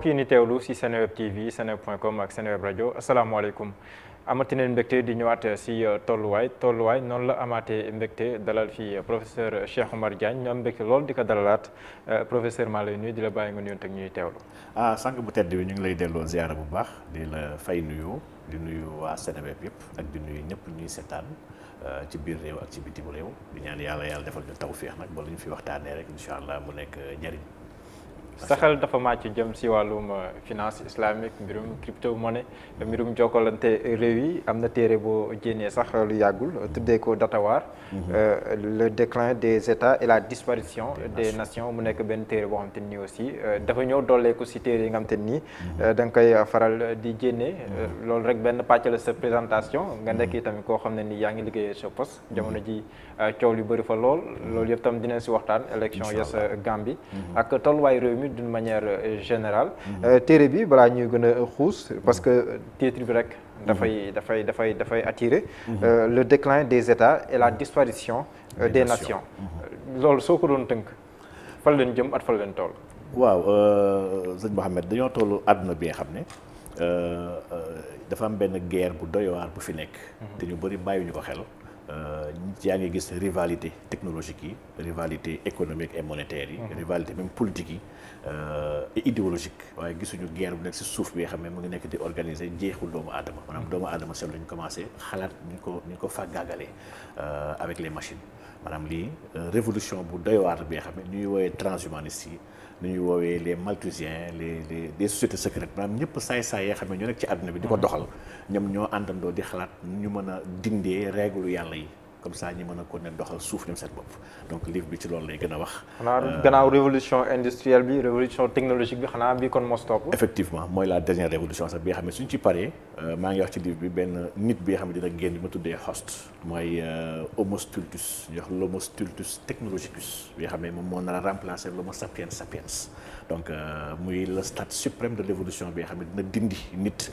kii ni teewlu si Seneweb TV seneweb.com ak Seneweb rajo asalaamaaleykum amati neen mbégte di ñëwaat si euh, tolluwaay tolluwaay noonu la amaatee mbégte dalal fii euh, professeur euh, Cheikh Oumar Diagne ñu am mbégte lool di ko dalalaat professeur maa lay nuyu di la bàyyi nga nuyoon teg ñuy teewlu. ah sànq bu tedd bi ñu ngi lay delloo ziyaara bu baax di la fay nuyu di nuyu waa Seneweb yëpp ak di nuyu ñëpp ñuy seetaan ci biir réew ak ci bitim réew ñaan yàlla yàlla defal ñu tawféex nag ba lu fi waxtaanee rek incha allah mu nekk njëriñ. saxel dafa màcc jëm si wàllum euh, finance islamique mbirum crypto monnaie euh, mbirum jokkalante réew yi am na téere boo jénnee sax lu yàggul tuddee ko Datawar mhm. euh, le déclin des états et la disparition des nations mu nekk benn téere boo xam te nii aussi dafa ñëw dooleeku si téere yi nga xam te nii mhm. da koy faral di jénnee mhm. loolu rek benn pàcc la sa présentation nga nekk itamit koo xam ne nii yaa ngi liggéeyee sa poste jamono ji coow yu bëri fa lool loolu yëpp tam dinañ si waxtaan élection yes Gambie ak d'une manière euh, générale. Mhm. Euh, téere bi balaa ñuy gën a xuus parce que mhm. titre bi rek. dafay mhm. dafay dafay dafay attirer. Euh, le déclin des États et la disparition. des nations loolu soo ko doon tënk fan leen jëm at fan leen toll. waaw sëñ Mouhamed dañoo toll àdduna bi nga xam ne dafa am benn guerre bu doy bu fi nekk. te ñu bëri ñu ko xel. Euh, yaa ngi gis rivalité technologique yi rivalité économique et monétaire yi. Mhm. rivalité même politique yi euh, et idéologique. waaye gisuñu guerre bu nekk si suuf bi nga xam ne mu ngi nekk di organiser jeexul doomu aadama. maanaam mhm. doomu aadama seen lañu commencé xalaat ni ñu ko ni ñu ko fàggaagalee euh, avec les machines maanaam lii révolution bu doy waar bi nga xam ne ñuy woowee transhumaniste yi. lu ñuy woowee les malthusiens les les les sociétés secrètes maanaam ñëpp saay-saay yoo xam ne ñoo nekk ci àdduna bi di ko mm. doxal ñoom ñoo àndandoo di xalaat ñu mën a dindee règle yàlla yi comme ça ñi mën a ko ne doxal suuf ñoom seen bopp donc livre bi ci loolu lay gën a wax. xanaa euh, gannaaw révolution industrielle bi révolution technologique bi xanaa bii kon mos topp. effectivement mooy la dernière révolution sax bi nga suñ ci paree euh, maa ngi wax ci livre bi benn nit bi nga xam ne dina génn bi ma tuddee Host mooy euh, Homo stultus ñu wax l'Homo stultus technologicus bi nga xam ne moom moo nar a remplacer l'Homo sapiens sapiens donc muy le stade suprême de l'évolution bi nga xam ne dina dindi nit.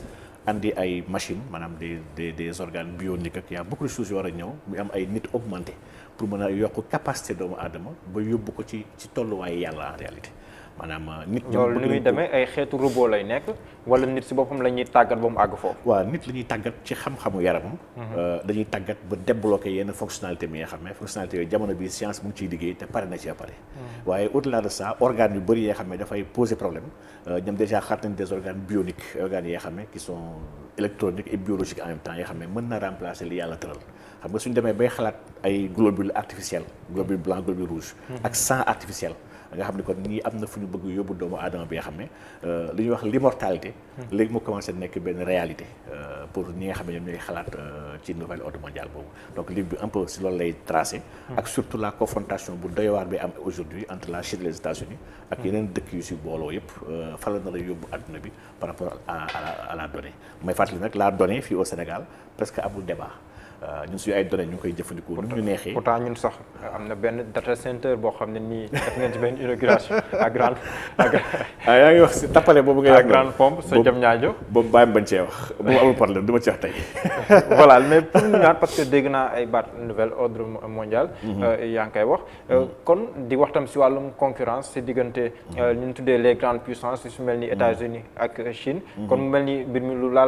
andi ay machine maanaam des des des organes bioniques ak y' a beaucoup de choses yoo a ñëw mu am ay nit augmenté pour mën a yokk capacité doomu aadama ba yóbbu ko ci ci tolluwaay yàlla en réalité. maanaam euh, nit loolu li muy demee ay xeetu robot lay nekk wala nit si boppam la ñuy tàggat ba mu àgg foofu waaw nit la ñuy tàggat ci xam-xamu yaramam mhm. euh, dañuy tàggat ba débloqué yenn fonctionnalité mi nga xam ne fonctionnalité yooyu jamono bi science mu ngi ciy liggéey te pare na ci pare mhm. waaye au delà de ça organes yu bëri yi nga xam ne dafay poser problème euh, ñoom déjà xaar nañ des organes bioniques organes yi nga ne qui sont électroniques et biologiques en même temps yi nga ne mën na remplacer li yàlla tëral xam nga demee bay xalaat ay globules artificiels globule blanc globule rouge mhm. nga xam ne kon nii am na fu ñu bëgg yóbbu doomu aadama bi nga xam ne euh, li ñuy wax l'immortalité hmm. léegi mu commencé nekk benn réalité euh, pour ñi nga xam ne ñoom ñooy xalaat euh, ci nouvelle ordre mondial boobu donc livre bi un peu si loolu lay tracé hmm. ak surtout la confrontation bu doy waar bi am aujourd'hui entre la Chine et les unis ak hmm. yeneen dëkk yu si booloo yëpp fa la nar a yóbbu adduna bi par rapport à à la donnée may fàttali nag la donnée fii au Sénégal presque amul débat Euh, ñun suñu ay données ñu ngi koy jëfandikoo. pourtant ñu neexee pourtant ñun sax am na benn data center boo xam ne nii def ngeen ci benn inauguration à grande. ah yaa si tappale boobu ngay. à grande pompe sa jëm ñaajo. boobu bàyyi bañ cee wax boobu amul problème du ma ci wax tey. voilà mais pour ñu ñaan parce que dégg naa ay baat nouvel ordre mondial. Mhm. Euh, yaa ngi koy wax. Euh, mhm. kon di wax tam si wàllum concurrence si diggante. ñun mhm. ñu tuddee les grandes puissances su mel ni États-Unis ak Chine. kon mu mel ni mbir mi lu la.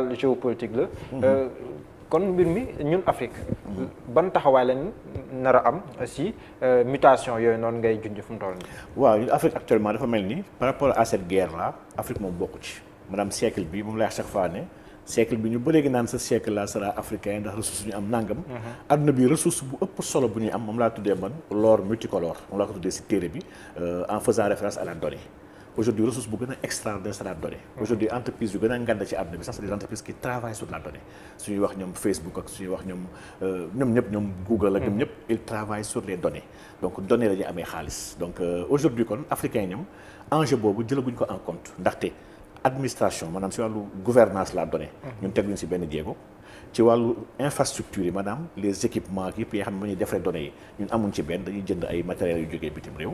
kon mbir mi ñun Afrique. ban taxawaay lañ nar a am si euh, mutation yooyu noonu ngay junj fu mu nii. waaw ñun Afrique actuellement dafa mel ni par rapport à cette guerre là Afrique moom bokku ci maanaam siècle bi moom lay wax chaque fois ne. siècle bi ñu ba léegi naan sa siècle la sera africain ndax ressource ñu am nangam. Mhm. adduna bi ressource bu ëpp solo bu ñuy am moom laa tuddee man l'or multicolore moom laa ko tuddee si téere bi euh, en faisant référence à la aujourd'hui ressource bu gën a extraordinaire c'est la donnée mm-hmm. aujourd'hui entreprise yu gën a ngànd ci àdduna bi sax c'est des entreprises qui travaillent sur la donnée suñuy wax ñoom Facebook ak suñuy wax ñoom euh, ñoom ñëpp ñoom mm-hmm. ñëpp ils travaillent sur les données donc données la ñuy amee xaalis donc euh, aujourd'hui kon africain ñoom enjeu boobu jëlaguñ ko en compte ndaxte administration maanaam si wàllu gouvernance la donnée mm-hmm. ñun teguñ si benn jéego ci wàllu infrastructure yi maanaam les équipements yëpp yi xam ne ma ñuy defaree données yi ñun benn dañuy jënd ay matériels yu jógee bitim réew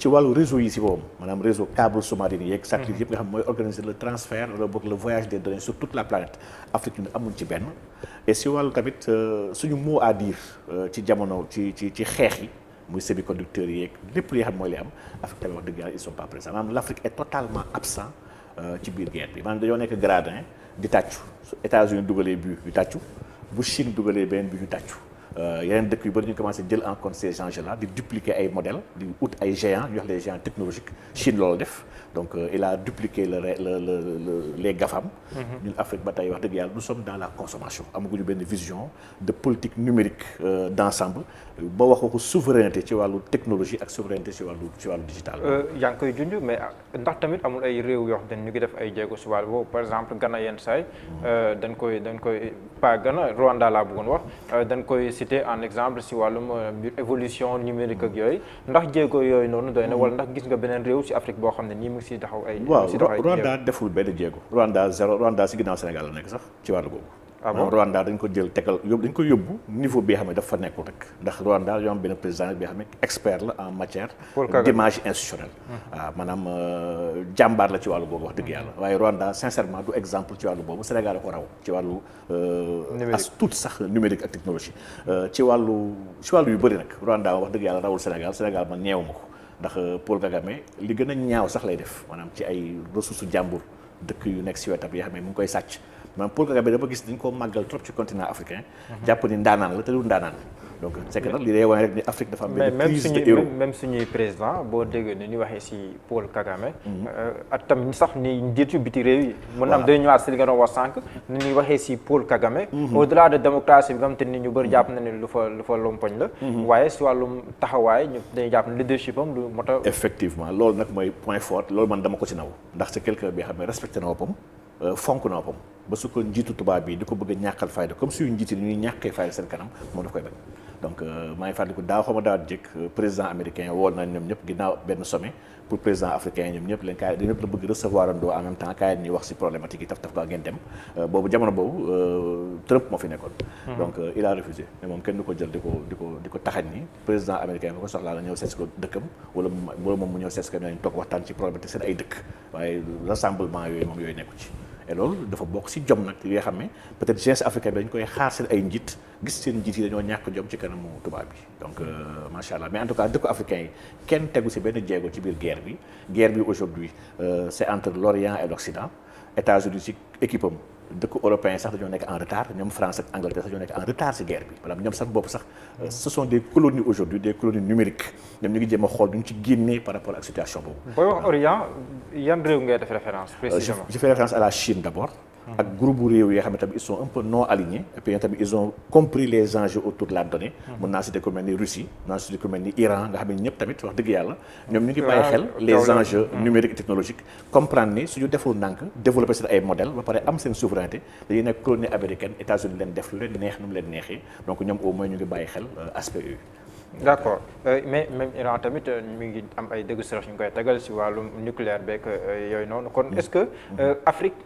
ci wàllu réseau yi si boobu maanaam réseau câble sous-marin yeeg satellite yëpp nga xam mooy organiser le transfert wala boog le voyage des données sur toute la planète Afrique ñu amuñ ci benn et si wàllu tamit euh, suñu mot à dire euh, ci jamono ci ci ci xeex yi muy semi-conducteurs yi yeeg lépp li xam mooy li am Afrique tamit wax dëgg yàlla ils sont pas présents maanaam l' Afrique est totalement absent euh, ci biir guerre bi maanaam dañoo nekk gradin di tàccu su États-Unis dugalee bu ñu tàccu bu Chine dugalee beneen bi ñu tàccu Euh, yeneen dëkk yu bëri ñu commencé jël en compte ces enjeux là di dupliquer ay modèles di ut ay géants ñu wax les géants Chine loolu def donc euh, il a dupliqué le le le les GAFAM. Mhm. ñun Afrique ba tey wax dëgg yàlla nous sommes dans la consommation amaguñu benn vision de politique numérique euh, d' ensemble. ba wax waxu souveraineté ci wàllu technologie ak souveraineté ci wàllu ci wàllu digital. Euh, yaa ngi koy junj mais euh, ndax tamit amul ay réew yoo xam ñu ngi def ay jéego si wàll boobu par exemple Ghana yenn saay hmm. euh, dañ koy dañ koy pas Ghana Rwanda laa bëggoon wax dañ koy citer en exemple si wàllum évolution numérique ak hmm. yooyu ndax jéego yooyu noonu doy na hmm. wala ndax gis nga beneen réew si Afrique boo xam ne nii mu ngi si taxaw ay. si taxaw ay waaw Rwanda deful benn jéego. Rwanda zéro Rwanda si ginnaaw Sénégal la nekk ah bon Rwanda dañ ko jël tegal yóbbu dañ ko yóbbu niveau bi nga xam ne dafa nekkul rek ndax Rwanda dañoo am benn président bi nga xam ne expert la en matière d'image institutionnelle waaw mm-hmm. ah, maanaam euh, jàmbaar la ci wàllu boobu wax dëgg yàlla mm-hmm. waaye Rwanda sincèrement du exemple ci boobu Sénégal da ko raw ci wàllu euh, as tuut sax numérique ak technologie euh, ci wàllu ci wàllu yu bëri nag Rwanda wax dëgg yàlla rawul Sénégal Sénégal man ñeewu ma ko ndax Paul Kagame li gën a ñaaw sax lay def maanaam ci ay ressources jàmbur dëkk yu nekk si wetam yoo xam ne mu ngi koy sàcc maanaam Paul Kagame dama gis dañ koo màggal trop ci continent africain. Mhm. jàpp ni ndaanaan la te du ndaanaan. donc c'est que li lay suñuy président boo déggee ni waxee si Paul Kagame. Mhm. Euh, ak tam sax ni njiitu biti réew yi. waaw mën day ñëwaat si li nga sànq. ni ñuy waxee si Paul Kagame. Mhm. au delà de démocratie bi nga ni ñu bëri jàpp na ne lu fa lu fa waaye si wàllum taxawaay ñu dañuy jàpp ne leadership am lu loolu nag mooy point fort loolu man dama ko si naw ndax c'est quelqu'un bi xam ne respecté na opam Euh, fonk noppam ba su ko njiitu tubaab bi di ko bëgg a ñàkkal fayda comme suñu njiit yi ñuy ñàkkee fayda seen kanam moom daf koy bañ donc euh, maa ngi fàttaliku daaw xama daaw jëkk euh, président américain woon na ñoom ñëpp ginnaaw benn sommet pour président africain ñoom ñëpp la bëgg recevoir andoo en même temps kaay ñuy wax ci problématique yi taf taf ko ngeen dem boobu jamono boobu Trump moo fi nekkoon hmm. donc il a refusé mais moom kenn du ko jël di ko di ko di ci et loolu dafa bokk si jom nag yoo xam ne peut-être jeunesse africaine bi dañ koy xaar seen ay njiit gis seen njiit yi dañoo ñàkk jom ci kanamu tubaab bi donc euh, macha allah mais en tout cas dëkku africain yi kenn tegu si benn jéego ci biir guerre bi guerre bi aujourd'hui euh, c'est entre l'Orient et l'Occident États-Unis ci équipe am dëkk européen sax dañoo nekk en retard ñoom France ak Angleterre sax dañoo nekk en retard ci guerre bi maanaam ñoom sax bopp sax euh, ce sont des aujourd'hui des colonies numériques ñoom ñu ngi jéem a xool duñ ci génnee par rapport ak situation boobu. booy wax Orient yan réew ngay def référence euh, précisément je référence à la Chine d'abord. ak groupe bu réew yi xam ne tamit ils sont un non alignés ils ont compris les enjeux autour de mun naa citer ku ni Russie naa citer ku ni Iran nga xam ne ñëpp tamit wax dëgg yàlla ñoom ñu ngi bàyyi xel ah, hmm. leen def lu leen neex nu leen neexee donc ñoom au moins ñu ngi bàyyi xel euh, aspect yooyu d' accord euh, mais même Iran tamit euh, mi ngi am ay dégg sërëx ñu koy tegal si wàllum nucléaire beeg yooyu noonu kon hmm. est-ce que hmm. Afrique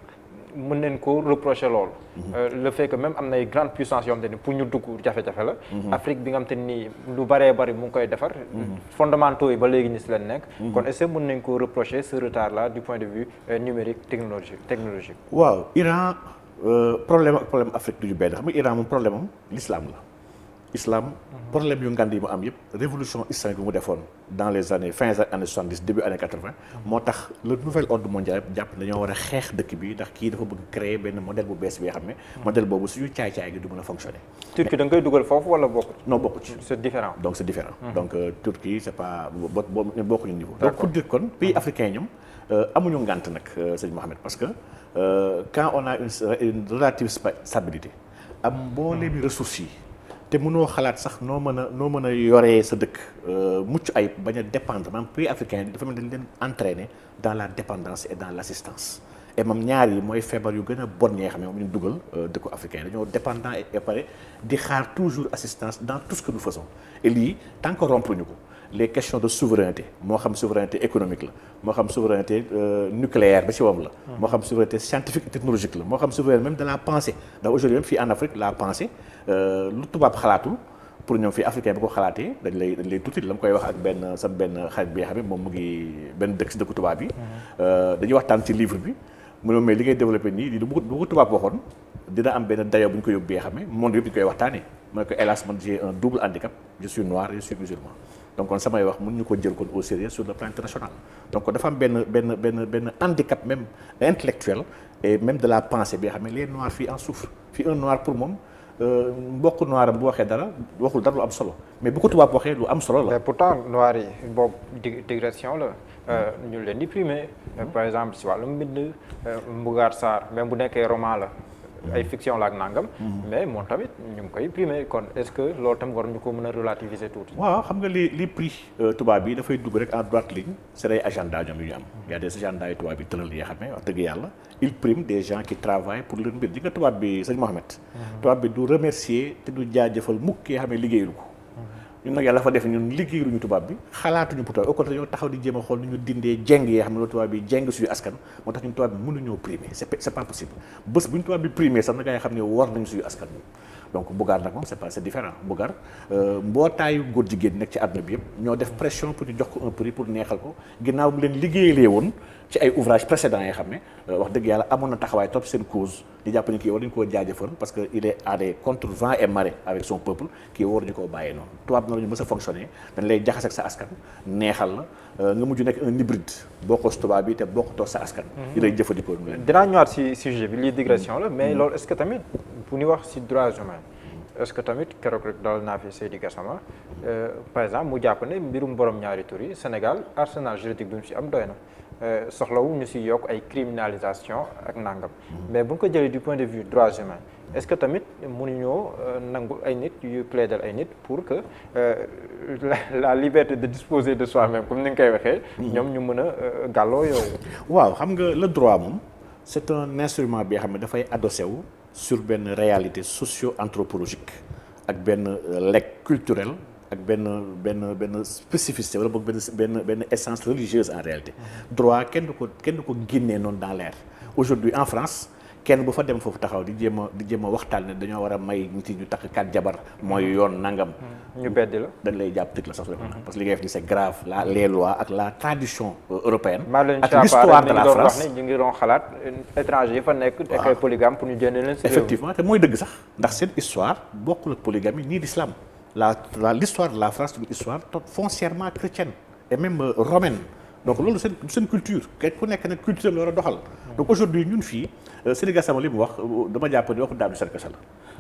mun nañ ko reprocher loolu. Mhm. Euh, le fekk que même am na ay grandes puissances yoo xam te ni pour ñu dugg jafe-jafe la. Mhm. Afrique bi nga xam te ni lu baree bari mu ngi koy defar. Mhm. fondamentaux yi ba léegi ñu si leen nekk. kon est-ce que mën nañ ko reprocher ce retard là du point de vue euh, numérique technologique technologique. waaw Iran euh, problème ak problème Afrique du ñu benn xam nga Iran moom problème am l'islam la. islam mhm. problème yu ngand yi mu am yëpp révolution islamique bi mu defoon dans les années fin années 70 début années 80 mhm. moo tax le nouvel ordre mondial jàpp dañoo war a xeex dëkk bi ndax kii dafa bëgg créer benn modèle bu bees bi nga xam ne mhm. modèle boobu suñu caay-caay gi du mën a fonctionner Turquie da nga koy dugal foofu wala bokk non bokku ci c'est différent donc c'est différent donc euh, Turquie c'est pas bo bokkuñu niveau donc pour dire kon pays africain ñoom euh, amuñu ngant nag euh, sëñ a une relative stabilité am mbooleem ressources yi te mënoo xalaat sax noo mën a noo mën a yoree sa dëkk euh, mucc ayib bañ a dépendre maanaam pays dafa mel ni dañ la dépendance et dans yi mooy feebar yu gën a bon ñi nga xam ne moom ñu dugal euh, dëkku africain que nous faisons de souveraineté moo xam moo xam souveraineté euh, nucléaire ba ci wam hmm. moo xam souveraineté scientifique et technologique ndax aujourd'hui même fii en Afrique la pensée Euh, lu tubaab xalaatu pour ñoom fii africain bi ko xalaatee dañ lay dañ tuuti la mu koy wax ak benn sa benn xarit bee nga xam ne moom mu ngi benn dëkk si dëkku tubaab yi. Euh, dañuy waxtaan si livre bi mu ne mais li ngay développé nii li bu ko tubaab waxoon dina am benn dayoo bu ñu ko yóbbee xam ne monde yëpp ñu waxtaanee mu ne ko hélas man j'ai ñu ko jël kon au sérieux sur le plan international donc dafa am benn benn benn benn handicap même intellectuel et même de la pensée bi nga xam fii en fii un noir pour Euh, mbokk noiram bu waxee dara waxul dara lu am solo mais bu ko tubaab waxee lu am solo la. mais pourtant noir yi boobu digression la euh, ñu leen di primé. Euh, par exemple si wàllum mbind Mbougar Sarr même bu nekkee roman la. ay fiction la ak nangam. mais moom tamit ñu ngi koy primé kon est-ce que loolu tam war ñu ko mën a relativiser tuuti. waaw xam nga li li prix euh, tubaab bi dafay dugg rek en droite ligne c'est ay agenda ñoom yu ñu am y a des agendas yu tubaab bi yi nga xam ne wax dëgg yàlla il prime des gens qui travaillent pour leur mbir di tubaab bi sëñ Mohamed. Mhm. tubaab bi du remercier te du jaajëfal mukk yi nga liggéeyul ko. ñu nag yàlla fa def ñun liggéeyuñu tubaab bi xalaatuñu pour tubaab au contraire ñoo taxaw di jéem a xool nu ñu dindee jeng yi xam ne loolu tubaab bi jeng suñu askan moo tax ñun tubaab bi mënuñoo primé c'est pas possible bés bu ñu tubaab bi primé sax na gaa xam ne war nañu suñu askan donc Bougar na moom c'est pas c'est différent Bougar euh, mbootaayu góor jigéen nekk ci àdduna bi yëpp ñoo def pression pour ñu jox ko un prix pour neexal ko ginnaaw bu leen liggéeyalee woon ci ay ouvrage précédents yi xam ne euh, wax dëgg yàlla amoon na taxawaay topp seen cause di jàpp ni kii war nañu koo jaajëfal parce que il est allé contre vent et marée avec son peuple kii waruñu koo bàyyee noonu tubaab noonu ñu mës a fonctionner dañ lay jaxase ak sa askan neexal la Euh, nga mujj nekk un hybride boo ko tubaab bi te boo toog sa askan. yi mhm. lay jëfandikoo ñu leen. dinaa ñëwaat si sujet bi lii digression la mais mhm. loolu est-ce que tamit bu ñu wax si droits humains est-ce que tamit keroog rek dal naa fi Seydi Gassama euh, par exemple mu jàpp ne mbirum borom ñaari tur Sénégal arsenal juridique bi mu si am doy na euh, soxlawu ñu si yokk ay criminalisation ak nangam mhm. mais bu ñu ko jëlee du point de vue droits humains. est-ce que tamit ñoo euh, nangu ay nit yu plaider ay nit pour que euh, la liberté de disposer de soi-même comme ni nga koy waxee. ñoom ñu mën a euh, gallo yow. waaw xam nga le droit moom c'est un instrument bi xam ne dafay adossé wu sur benn réalité socio-anthropologique ak benn legs culturel. ak benn benn benn spécificité wala boog benn benn benn essence religieuse en réalité mhm. droit kenn ko kenn du ko génnee noonu dans l'air aujourd'hui en France kenn bu fa dem foofu taxaw di jéem a di jéem waxtaan ne dañoo war a may nit ñu takk kat jabar mooy yoon nangam. Hmm. ñu beddi la dañ lay jàpp tëj la sax. Hmm. parce que li ngay ni c'est grave la les lois ak la tradition euh, européenne. ak l'histoire de la France ñu ngi doon xalaat nekk. ak effectivement te mooy dëgg sax ndax seen histoire bokkul ak polygamie nii l'islam la la l'histoire la France c'est une histoire foncièrement chrétienne et même euh, romaine. donc loolu seen seen culture kenn ku nekk nag culture la war a doxal donc aujourd'hui ñun fii euh, Sénégal li mu wax euh, dama jàpp ni waxu daanu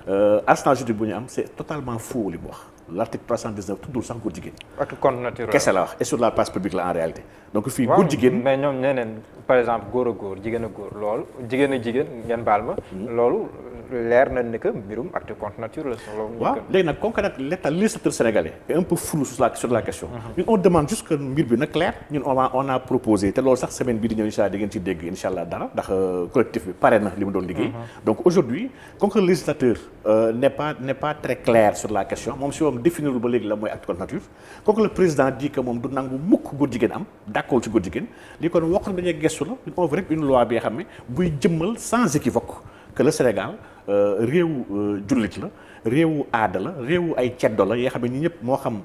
euh, am c'est totalement faux wax l'article 319 tuddul sax góor jigéen ak compte naturel kese la wax et sur la place publique la en réalité donc fii góor jigéen mais ñoom ñeneen par exemple góor a góor jigéen a góor loolu jigéen a jigéen ngeen baal ma hmm. loolu leer na ne que mbirum acte contre nature la soxla. waaw léegi nag comme que nag législateur sénégalais un peu flou sur la question. Mhm. ñun on demande juste que mbir bi na clair. ñun on a on a proposé te loolu sax semaine bii di ñëw incha allah di ngeen ci dégg incha dara ndax euh, collectif bi pare na li mu doon liggéey. Mhm. donc aujourd'hui comme que le législateur euh, n'est pas n'est pas très clair sur la question moom si moom définirul ba léegi la mooy acte contre nature comme que le président dit que moom du nangu mukk góor jigéen am d'accord ci góor jigéen li kon wax dañuy gestu Euh, réewu euh, jullit la réewu aada la réewu ay ceddo la yoo xam ne ñi ñëpp moo xam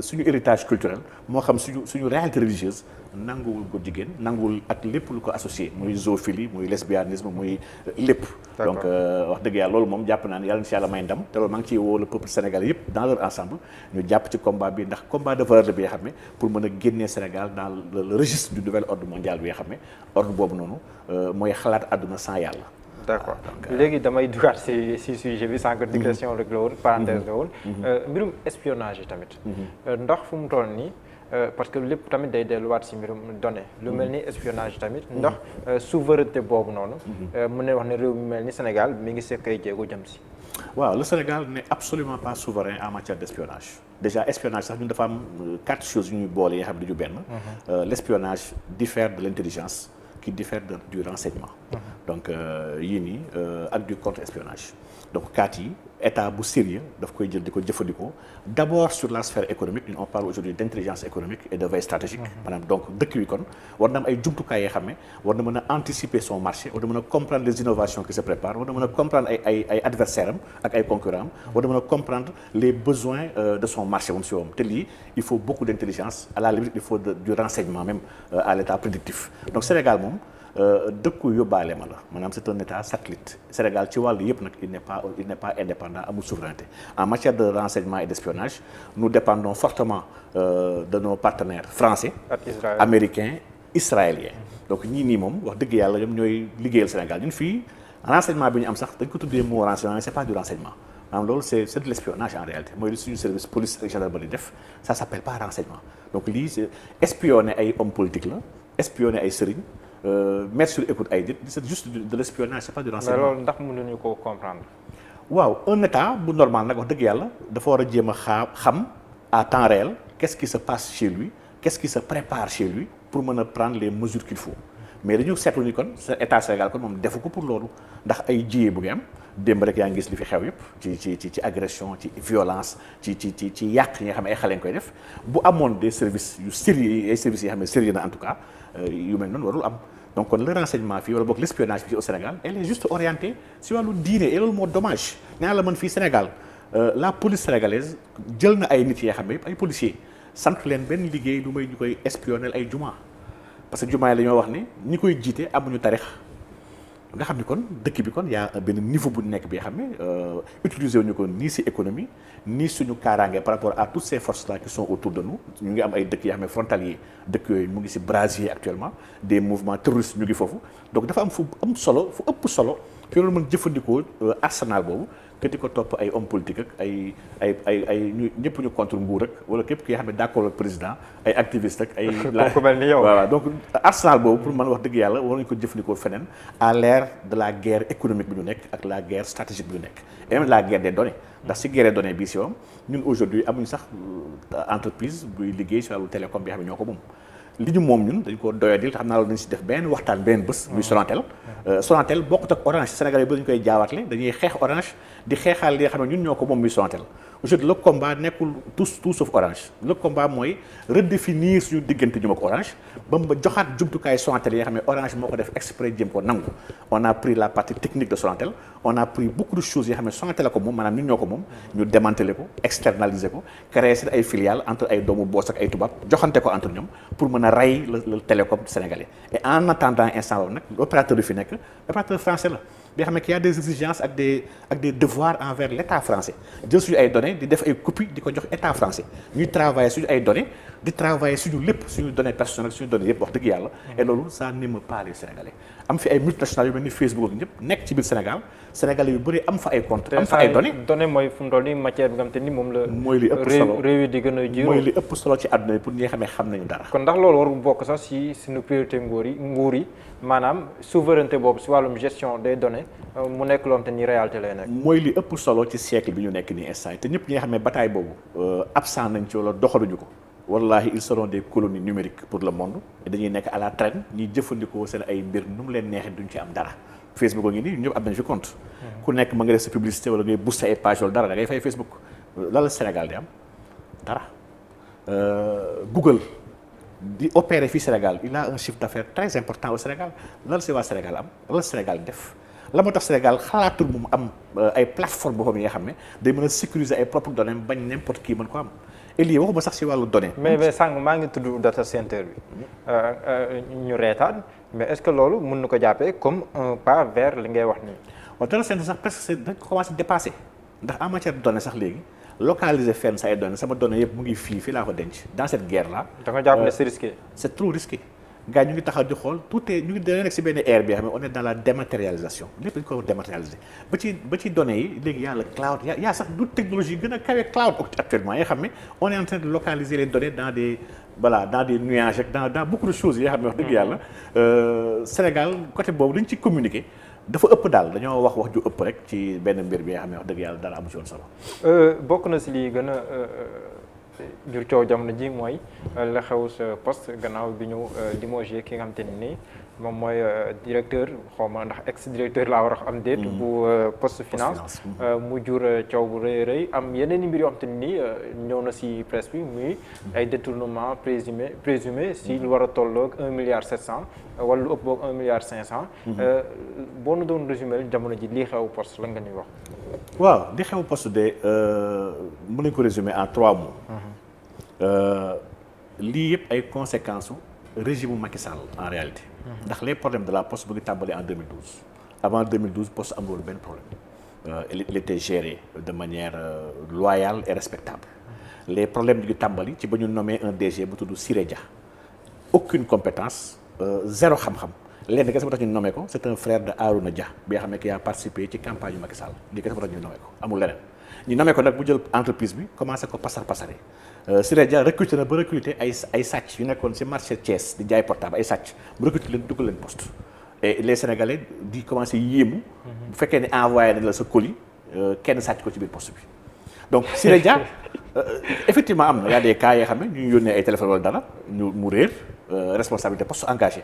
suñu héritage culturel moo xam suñu suñu réalité religieuse nanguwul ko jigéen nanguwul ak lépp lu ko associé muy zoophilie muy lesbianisme muy lépp donc euh, wax dëgg yàlla loolu moom jàpp naa ne yàlla na si yàlla may ndam te loolu maa ngi ciy woo le peuple sénégalais yëpp dans leur ensemble ñu jàpp ci combat bi ndax combat de valeur bi nga xam ne pour mën a génnee Sénégal dans le registre du nouvel mondial bi nga xam ne ordre boobu noonu mooy xalaat àdduna sans yàlla d' ah, euh, léegi damay dugaat si si sujet bi sànq digression rek la woon parenthèse la woon mhm. mhm. euh, mbirum espionnage yi tamit mhm. euh, ndax fu mu toll nii parce que lépp tamit day delluwaat si mbirum données lu mel ni espionnage tamit ndax souveraineté boobu noonu mën nañ wax ne réew mu mel ni Sénégal mi ngi sekkay jéego jëm si waaw le Sénégal n'est absolument pas souverain en matière d' espionnage déjà espionnage sax ñun dafa am quatre choses yu ñuy boole yoo xam ne du ñu benn l' espionnage diffère de l' intelligence qui diffèrent de, du renseignement. Mhm. donc euh, yii nii euh, ak du contre-espionnage. donc kaat yi état bu sérieux daf koy jël di ko jëfandikoo d' sur la sphère économique ñun on parle aujourd'hui d' intelligence économique et de veille stratégique mhm. maanaam donc dëkk wi kon war ay jumtukaay yoo xam ne war na mën a anticiper son marché war na mën a comprendre les innovations qui se préparent war a comprendre ay ay ay adversaire am ak ay concurrent am mhm. war a comprendre les besoins euh, de son marché moom si moom te lii il faut beaucoup d' intelligence à la limite il faut du renseignement même euh, à Sénégal moom Euh, dëkku yóbbaale ma la maanaam c'est un état satellite Sénégal ci wàllu yëpp nag il n'est pas il n'est pas indépendant amul souveraineté en matière de renseignement et d'espionnage nous dépendons fortement euh, de nos partenaires français américains israéliens donc ñii nii moom wax dëgg yàlla ñoom ñooy liggéeyal Sénégal ñun fii renseignement bi ñu am sax dañ ko tuddee mot renseignement mais c'est pas du renseignement maanaam loolu c'est c'est de l'espionnage en réalité mooy li suñu service police ak gendarmerie def ça s'appelle pas renseignement donc la espionner ay sëriñ Euh, mettre sur écoute ay nit c'est juste de l'espionnage c'est pas du renseignement. mais loolu ndax mënuñu koo comprendre. waaw un état bu normal nag yàlla dafa war a jéem a xaa xam à temps réel qu'est-ce qui se passe chez lui qu'est-ce qui pour mën a prendre les mesures qu'il faut mais dañu seetlu ni kon sa état Sénégal kon moom defu ko pour loolu ndax ay jiyee bu am démb rek yaa ngi gis li fi xew yëpp ci ci ci agression ci violence ci ci ci ci yàq yi nga xam ne ay xale nga koy def bu amoon des services yu sérieux ay services yi nga xam en tout cas euh, yu mel noonu warul am. donc kon le renseignement fii wala boog l'espionnage fii au Sénégal elle juste orientée si wàllu diine et loolu moo dommage nee la man fii Sénégal euh, la police sénégalaise jël na ay nit yoo xam ne ay policier sant leen benn liggéey lu may ñu koy espionner ay jumaa parce que juma yi la ñoo wax ni ñi koy jiite amuñu tarix nga xam ni kon dëkk bi kon yaa benn niveau bu nekk bi nga xam ne euh, utiliser wu ñu ko nii si économie nii suñu kaaraangee par rapport à toutes ces forces là qui sont autour de nous ñu ngi am ay dëkk yoo xam ne frontalier dëkk yooyu mu ngi si Brasilia actuellement des mouvements terroristes ñu ngi foofu donc dafa am fu am solo fu ëpp solo ki doon mën jëfandikoo euh, arsenal boobu que di ko topp ay homme politique ay ay ay ay ñu ñëpp ñu contre nguur ak wala képp ki nga xam ne d'accord ak président ay activiste ak ay ku mel ni yow voilà donc arsenal boobu pour man wax dëgg yàlla war nañu ko jëfandikoo feneen à l'ère de la guerre économique bi ñu nekk ak la guerre stratégique bi ñu nekk et la guerre des données ndax si guerre des données bii si moom ñun aujourd'hui amuñu sax euh, entreprise buy liggéey si wàllu télécom bi xam ñoo ko moom li ñu moom ñun dañ ko doyadil te xam naa loolu dañ si def beneen waxtaan benn bés muy ah. Sonatel euh, Sonatel bokkut ak Orange Sénégal yi ba dañu koy jaawatle dañuy xeex Orange di xeexaal li xam ne ñun ñoo ko moom muy Sonatel aujourd'hui le combat nekkul tout tout sauf orange le combat mooy redéfinir suñu diggante ñu ak orange ba mu ba joxaat jumtukaay Sonatel yi nga xam ne orange moo ko def exprès jéem ko nangu on a pris la partie technique de Sonatel on a pris beaucoup de choses yi nga ko moom maanaam ñun ñoo ko moom ñu démanteler ko externaliser ko créer ay filiales entre ay doomu boos ay tubaab joxante ko entre ñoom pour mën a rey le télécom sénégalais et en attendant bi nga xam ne qu'il y a des exigences ak des ak des devoirs envers l' état français jël suñu ay données di def ay copies di ko jox état français ñuy travailler suñu ay données di travailler suñu lépp suñu données personnelles suñu données yëpp wax dëgg yàlla. Mm. et loolu ça n'aime pas les am fi ay multinationales yu mel ni Facebook ak ñëpp nekk ci biir Sénégal sénégalais yu bëri am fa ay comptes am fa ay données données mooy fu mu te ni moom la. mooy li ëpp solo réew yi ci àdduna bi pour ñi nga xam ne xam nañu dara. kon ndax loolu warul bokk sax si suñu priorité nguur yi nguur yi maanaam souveraineté boobu si wàllum gestion des données euh, mu nekk loo xam te ni réalité lay nekk. mooy li ëpp solo ci siècle bi ñu nekk nii instant ñëpp ñi xam ne bataille boobu euh, absent nañ ci wala doxaluñu ko wallahi ils seront des colonies numériques pour le monde dañuy nekk à la traîne ñuy jëfandikoo seen ay mbir nu mu leen neexee duñ ci am dara Facebook ngi nii ñëpp am nañ fi compte hmm. ku nekk ma nga def sa publicité wala ngay booster ay page wala dara da ngay fay Facebook lan la Sénégal di am dara euh, Google di opérer fii Sénégal il a un chiffre d'affaires waa Sénégal la Sénégal def la moo tax Sénégal xalaatul moom am euh, ay plateforme boppam yi nga xam ne day mën a sécuriser ay propres données bañ n'importe qui mën ko am et lii waxuma sax si wàllu données. mais mais sànq maa ngi tudd data center bi euh, euh, ñu reetaan mais est-ce que loolu mun na ko jàppee comme un pas vers li ngay wax ni waaw data center sax parce que dañ ko commencé dépassé ndax en matière de sax léegi localiser fenn say données sama données yëpp mu ngi fii fii laa ko denc dans cette guerre là. da nga jàpp ne euh, c'est risqué. c'est gars ñu ngi taxaw di xool tout ñu ngi dañoo nekk si benn air bi xam ne on est dans dématérialisation lépp dañu ko dématérialiser ba ci ba ci données yi léegi y'a cloud y'a sax du technologie gën a kawe cloud actuellement yoo xam ne on est en de localiser les données dans des voilà dans des nuages ak dans xam ne wax dëgg yàlla mm-hmm. euh, Sénégal côté boobu dañ ci communiquer dafa ëpp daal dañoo wax wax ju ëpp rek ci benn mbir bi nga xam ne wax jur coow jamono ji mooy euh, la xew sa poste gannaaw bi ñu euh, limogé ki nga xamante ni moom mooy euh, directeur xaw ma ndax ex directeur laa war a am déet. Mm-hmm. bu poste finance mm-hmm. mu jur coow bu rëy rëy am yeneen i mbir yoo xamante ni ñëw na si presse bi muy mm-hmm. ay détournement présumé présumé si lu war a tolloog un milliard sept cent wala lu ëpp boog un milliard cent. boo nu doon résumé jamono ji lii xew poste lan nga ñuy wax. waaw li xew poste de mën nañu ko résumer en trois mots. Euh, lii yëpp ay conséquences su régime Macky Sall en réalité. Mhm. ndax les problème de la poste bu ngi tàmbali en 2012. avant 2012 poste amul woon benn problème euh, il était géré de manière euh, loyale et respectable mhm. les problèmes ñu tàmbali ci ba ñu nomee un DG bu tudd Siré ja aucune compétence euh, zéro xam-xam lenn kese ba tax ñu nommé ko c'est un frère de Arouna Dia bi nga xam ne ki ci campagne yu Macky Sall lii kese ba tax ñu nommé ko amul leneen ñu nommé ko nag bu jël entreprise bi commencé ko pasar pasare Euh, Siré Dia recruté na ba recruté ay ay sàcc yu nekkoon si marché Thiès di jaay portable ay sàcc mu recruté leen duggal leen post et les sénégalais di commencé yéemu. Mhm. bu fekkee ne envoyé nañ la sa colis euh, kenn sàcc ko ci biir poste bi donc Siré Dia euh, effectivement am na y a des yoo xam ne ñu ngi yónnee ay téléphone wala dara ñu mu réer responsabilité post engagé.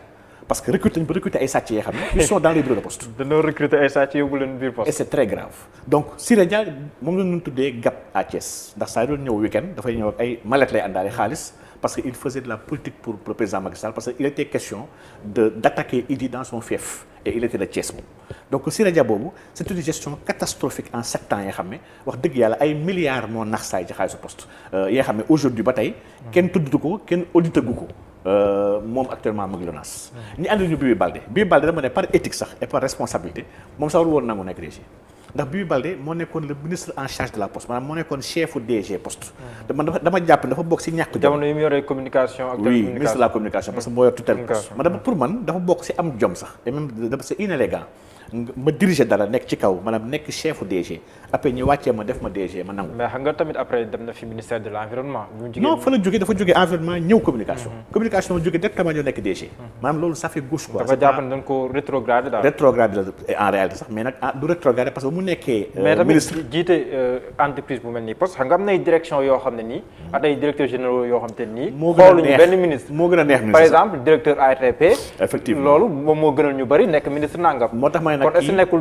parce que recruter ba recruter ay sàcc yoo xam ne ils sont dans les de poste. dañoo recruter ay sàcc yóbbu leen biir poste. et c'est très grave donc Siré Dia moom la ñu tuddee gap à Thiès ndax saa yu ñëw week-end dafay ñëw ay mallette lay àndaale xaalis parce que il faisait de la politique pour le président Macky Sall parce que il était question de d'attaquer Idy dans son fief il était de boobu c'est une gestion catastrophique en sept ans yoo xam ne wax dëgg yàlla ay milliards moo nax saay ci xaalisu poste euh, yoo xam ne aujourd'hui ba tey kenn ko kenn audité ko Euh, moom actuellement mu ngi Lonase. ñi ñu Bibi Baldé Bibi Baldé dama ne par éthique sax et par responsabilité moom sax waru woon nangu nekk DG ndax Bibi Baldé moo nekkoon le ministre en charge de la poste maanaam moo nekkoon chefu DG poste. Mm-hmm. dama dama jàpp dafa bokk si ñàkk jom. jamono yi mu yore communication ak. oui ministre de la communication parce que moo yor tutelle poste. man dama mm-hmm. pour man dafa bokk si am jom sax et même c'est inélégant ma diriger dara nekk ci kaw maanaam nekk chefu DG après ñu wàccee ma def ma DG ma nangu. mais xam nga tamit après dem na fi ministère de environnement ñëw communication. Mhm. Mhm. ne nag ah, du rétrograde parce que mu nekkee. Euh, mais tamit jiite euh, entreprise bu mel nii parce que xam nga direction yoo xam ne nii. Mhm. ak ay directeurs généraux yoo xam te nii. moo gën a neex ministre. par exemple directeur ARTP. effectivement loolu moom moo gënal ñu bari nekk ministre nangam. moo tax ma nag kon est-ce nekkul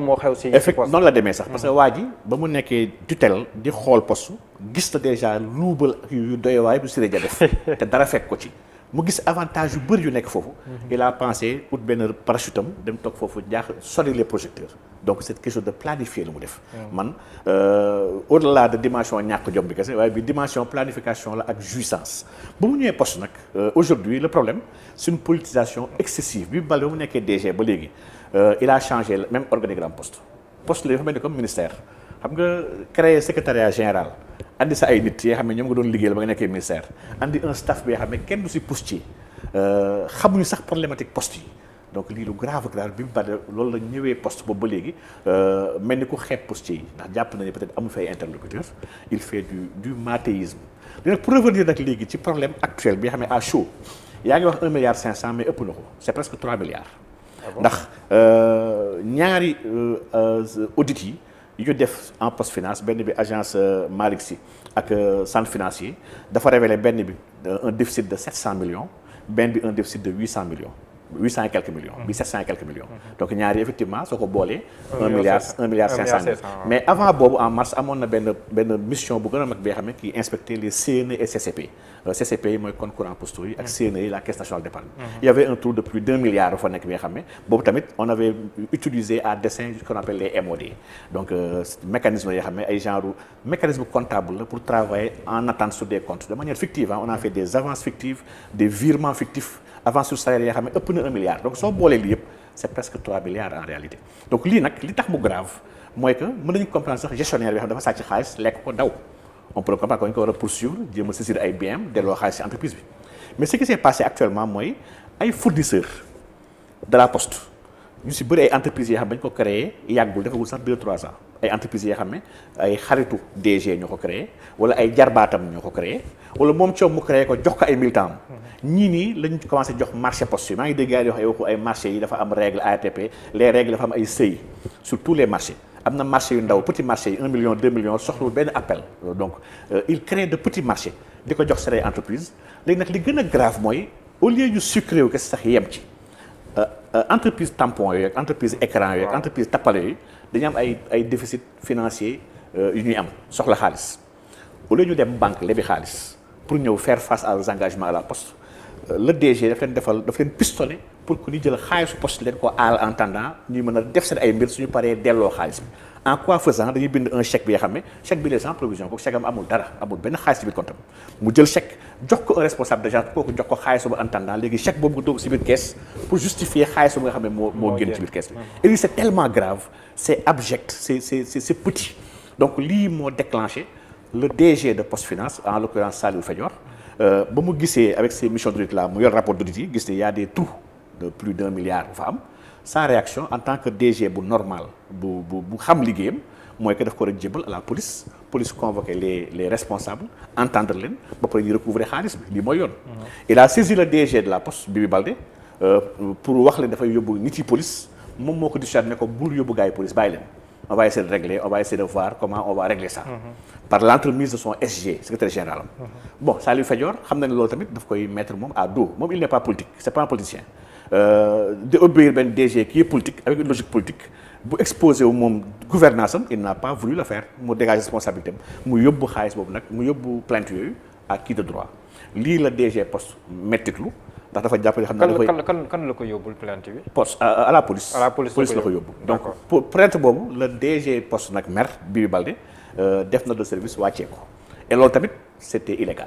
moo xew si. effectivement noonu la demee sax parce que hmm. waa ji ba mu nekkee tutelle di xool post gis na déjà luubal yu doy waay bu si Dia def te dara fekk ko ci. mu gis avantage yu bëri yu nekk foofu. Hmm. il a pensé ut benn parachute am dem toog foofu jaax sori les projecteurs donc c' est de planifié lu mu def. Hmm. man euh, au delà de dimension ñàkk jom bi kese waaye bi dimension planification la ak jouissance bu mu ñëwee poste nag euh, aujourd'hui le problème c' est une politisation excessive bi ba mu nekkee DG ba léegi. Euh, il a changé même organigramme poste post la yoo xamante ne comme ministère xam nga créer secrétariat général andi sa ay nit yoo xam ne ñoom nga doon liggéeyal ba nga nekkee ministère andi un staff bi nga xam ne kenn du si postier euh, xamuñu sax problématique post yi donc lii lu grave grave bi mu bari loolu la ñëwee post boobu ba léegi euh, mel ni ku xeeb postier yi ndax jàpp nañu peut-être amul fay interlocuteur il fait du du matéisme léegi pour revenir nag léegi ci problème actuel bi nga xam ne à chaud ndax euh, ñaari euh, euh, audit yi yu ñu def en post finance benn bi agence Malick Sy ak centre financier dafa révélé benn bi un déficit de 700 millions benn bi un déficit de 800 million huit millions. donc ñaari effectivement soo ko boolee. Euh, milliard milliard mais avant boobu en mars amoon na benn mission bu gën a mag bi nga xam inspecter les CNE et CCP. Euh, CCP yi mooy compte courant ak CNE yi la caisse nationale d'épargne. il y avait un trou de plus d'un milliard bu fa nekk bi nga boobu tamit on avait utilisé à dessein ce appelle les MOD donc euh, mécanisme yoo xam ay genre mécanisme comptable pour travailler en attente sur des avance sur salaire yi nga xam ne ëpp na un milliard donc soo boolee lii yëpp c'est presque trois milliards en réalité donc lii nag li tax mu grave mooy que mën nañu comprendre sax gestionnaire bi xam dafa sàcc xaalis lekk ko daw on peut le ko ñu ko war a poursuivre jéem a saisir ay biens delloo xaalis ci entreprise bi mais ce qui s'est passé actuellement mooy ay fournisseurs de la poste ñu si bëri ay entreprises yoo xam ne dañu ko créé yàggul defagul sax 2 3 ans ay entreprises yoo xam ne ay xaritu DG ñoo ko créé wala ay jarbaatam ñoo ko créé wala moom coom mu créé ko jox ko ay militant ñii nii lañ commencé jox marché poste maa ngi dégg gars yi ay waxu yi dafa am règle ATP les règles dafa les marchés am na marché yu ndaw petit marché yi 1 million 2 benn appel donc euh, il crée de petits marchés di ko jox seen ay entreprise léegi nag li gën a grave mooy au lieu ñu sucré wu kese sax yem ci Euh, entreprise tampon yooyu ak entreprise mm. écran yooyu ak entreprise tappale yooyu dañu am ay ay déficit financier euh, yu ñuy am soxla xaalis au ñu dem banque lebi xaalis pour ñëw faire face engagement engagements à la euh, le DG daf leen defal daf leen pistolet pour que ñu jël xaalisu poste leen ko aal en attendant ñuy mën a def seen ay mbir suñu paree delloo xaalis bi en quoi faisant dañuy bind un chèque bi nga xam ne chèque bi les sans provision kooku chèque am amul dara amul benn xaalis ci biir compte mu jël chèque jox ko un responsable d'agence kooku jox ko xaalis ba en attendant léegi chèque pour justifier xaalis ba nga xam ne moo moo génn ci biir caisse bi et lii c'est tellement grave c'est abject c'est petit donc lii moo déclenché le DG de Poste Finance en l'occurrence Saliou Fagnor euh, ba mu gisee avec ces missions d'audit là mu yor rapport d'audit am sa réaction en tant que DG bu normal bu bu xam liggéeyam mooy que daf ko war a la police police convoquer les les responsables entendre leen ba pare ñu recouvrer xaalis bi lii mooy yoon. Mhm. il a saisi le DG de la poste Bibi Baldé euh, pour wax leen dafay yóbbu nit yi police moom moo ko dischargé ne ko bul yóbbu gars yi police bàyyi leen. on va essayer de régler on va essayer de voir comment on va régler ça. Mhm. par l'entremise de SG secrétaire général mhm. bon Saliou Fedior Euh, di obéir benn DG qui est politique avec logique politique bu exposé wu moom gouvernance am il n'a pas voulu le faire mu dégage responsabilité am mu yóbbu xaalis boobu nag mu yóbbu plainte yooyu ak kii de droit lii la DG poste méttiklu ndax dafa jàpp ne xam naa kan kan kan la ko yóbbul plainte bi. poste la police. à la police la ko yóbbu donc pour plainte boobu la DG post nag maire Bibi Baldé euh, def na de service wàccee ko et loolu tamit c'était illégal.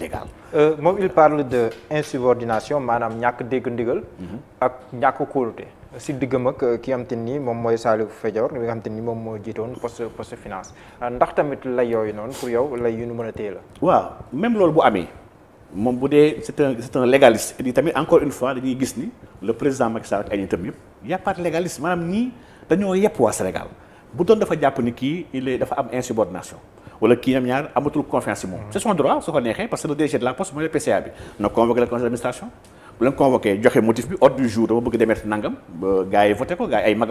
illégale. Euh, moom il parle de insubordination maanaam ñàkk dégg ndigal. Mm-hmm. ak ñàkk kóolute. si diggam ak euh, ki nga xamante ni moom mooy Salif Fajoor mi nga xamante ni moom moo jiitoon poste poste finance euh, ndax tamit lay yooyu noonu pour yow lay yu nu mën a téye la. waaw même loolu bu amee moom bu dee c'est un c'est un légaliste et tamit encore une fois dañuy gis ni le président Macky Sall ak ay nitam yëpp y a pas de légalisme maanaam ñii dañoo yepp waa Sénégal. bu doon dafa jàpp ni kii il est dafa am insubordination wala kii ñoom ñaar amatul confiance ci moom. Mm. c'est son droit su ko neexee parce que le DG de la poste mooy le PCA bi na convoqué le conseil d'administration bu leen convoqué joxe motif bi ordre du jour dama bëgg demet nangam gars yi voté ko gars yi ne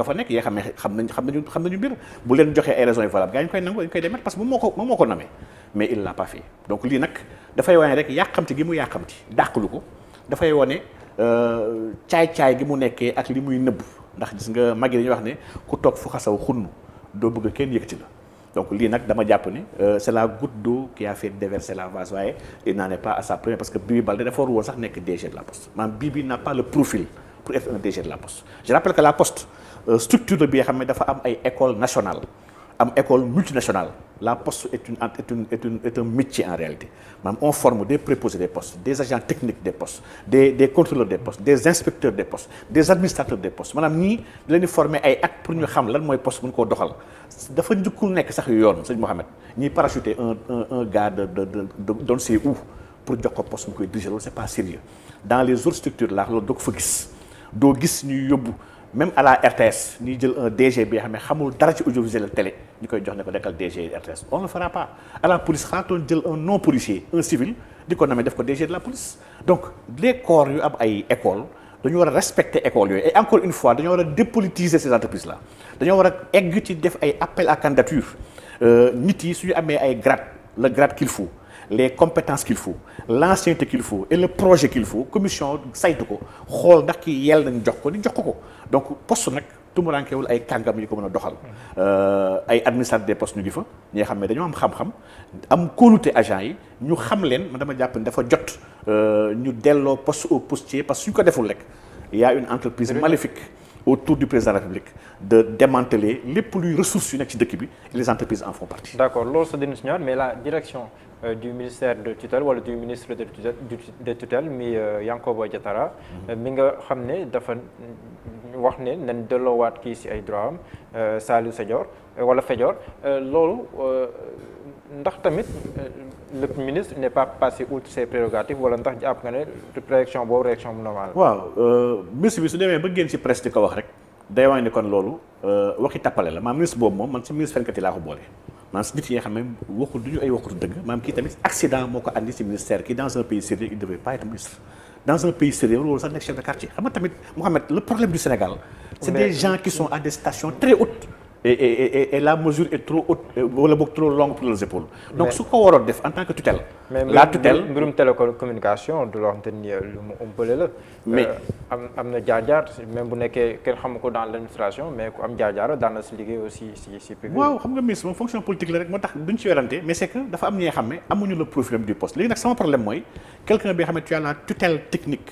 xam namee mais il l'a pas fait donc lii nag dafay wane rek yàqamti gi mu yàqamti dàqalu ko dafay wane euh, caay-caay gi mu nekkee ak li muy nëbb ndax gis nga mag yi dañuy wax ne ku toog fu xasaw xunn doo bëgg kenn yëkkati la donc lii nag dama jàpp ni euh, c'est la goutte d'eau qui a fait déverser la vase waaye il n'en est pas à première parce que Bibi Baldé dafa war sax nekk DG de la Poste maanaam Bibi n'a pas le profil pour être un DG la post je rappelle que la Poste euh, structure bi nga xam ne dafa am ay école nationale am école multinationale la poste est une est une est une est un métier en réalité maanaam on forme des préposés des postes des agents techniques des postes des des contrôleurs des postes des ñii da leen ay actes pour ñu xam lan mooy poste bu ñu ko doxal dafa njëkkul nekk sax yoon sëñ Mouhamed ñuy parachuter un un un gars de de de de doon pour jox ko poste mu koy diriger loolu c'est pas sérieux dans les autres structures là loolu doo même à la RTS ñuy jël un DG bi nga xam ne xamul dara ci audiovisuel télé ñu koy jox ne ko dekkal DG RTS on ne le fera la police xalaatoon jël un non policier un civil di ko namee def ko DG de la police donc les corps yu am ay école dañu war a respecter école yooyu et encore une fois dañoo war a dépolitiser ces entreprises là dañoo war a egg ci def ay appel à candidature euh, nit yi suñu amee ay grade le grade qu'il faut les compétences qu'il faut l'ancienneté qu'il faut et le projet qu'il faut commission saytu ko xool ndax ki yell nañ jox ko ni jox ko ko donc post nag tumurankewul ay kàngam yi ko mën a doxal euh, ay administrateur des postes ñu ngi fa ñi xam ne dañoo am xam-xam am kóolute agent yi ñu xam leen man dama jàpp ni dafa jot euh, ñu delloo post au postier parce que ñu ko deful lekk y une entreprise maléfique autour du président de la République de démanteler lépp luy ressources yu nekk ci dëkk bi et les entreprises en font partie. d'accord loolu sa dina si mais la direction euh, du ministère de tutelle wala du ministre de tutelle de tutelle mi euh, Yankoba mhm. euh, mi nga xam ne dafa wax ne nañ delloowaat kii si ay droit am euh, Saliou Sadior wala Fadior loolu ndax tamit. le ministre n'est pas passé outre ses prérogatives wala ndax jàpp nga ne réaction boobu réaction bu normale waaw euh, ministre bi su demee ba génn ci presse di ko wax rek day wane ni kon loolu euh, waxi tappale la maam ministre boobu moom man ci ministre fenkat laa ko boole maanaam kii tamit accident moo ko andi si ministère kii dans un pays sérieux il devait pas être ministre dans un pays sérieux loolu sax nekk chef de quartier xam tamit Mouhamed le problème du Sénégal et et et la mesure est trop haute euh, wala boog trop longue pour les épaules. donc su ko waroon def en tant que tutelle. la tutelle mbirum télécommunication du loo xamante euh, mu euh, nekkee kenn xamu ko dans l' administration mais ku am jaar-jaar daan si liggéey si si privé. waaw xam nga ministre moom fonction politique la rek moo tax duñ ci werante mais c' que dafa am ñi nga ne amuñu le profil du poste léegi nag sama problème mooy quelqu'un bi nga xam ne tu as la tutelle technique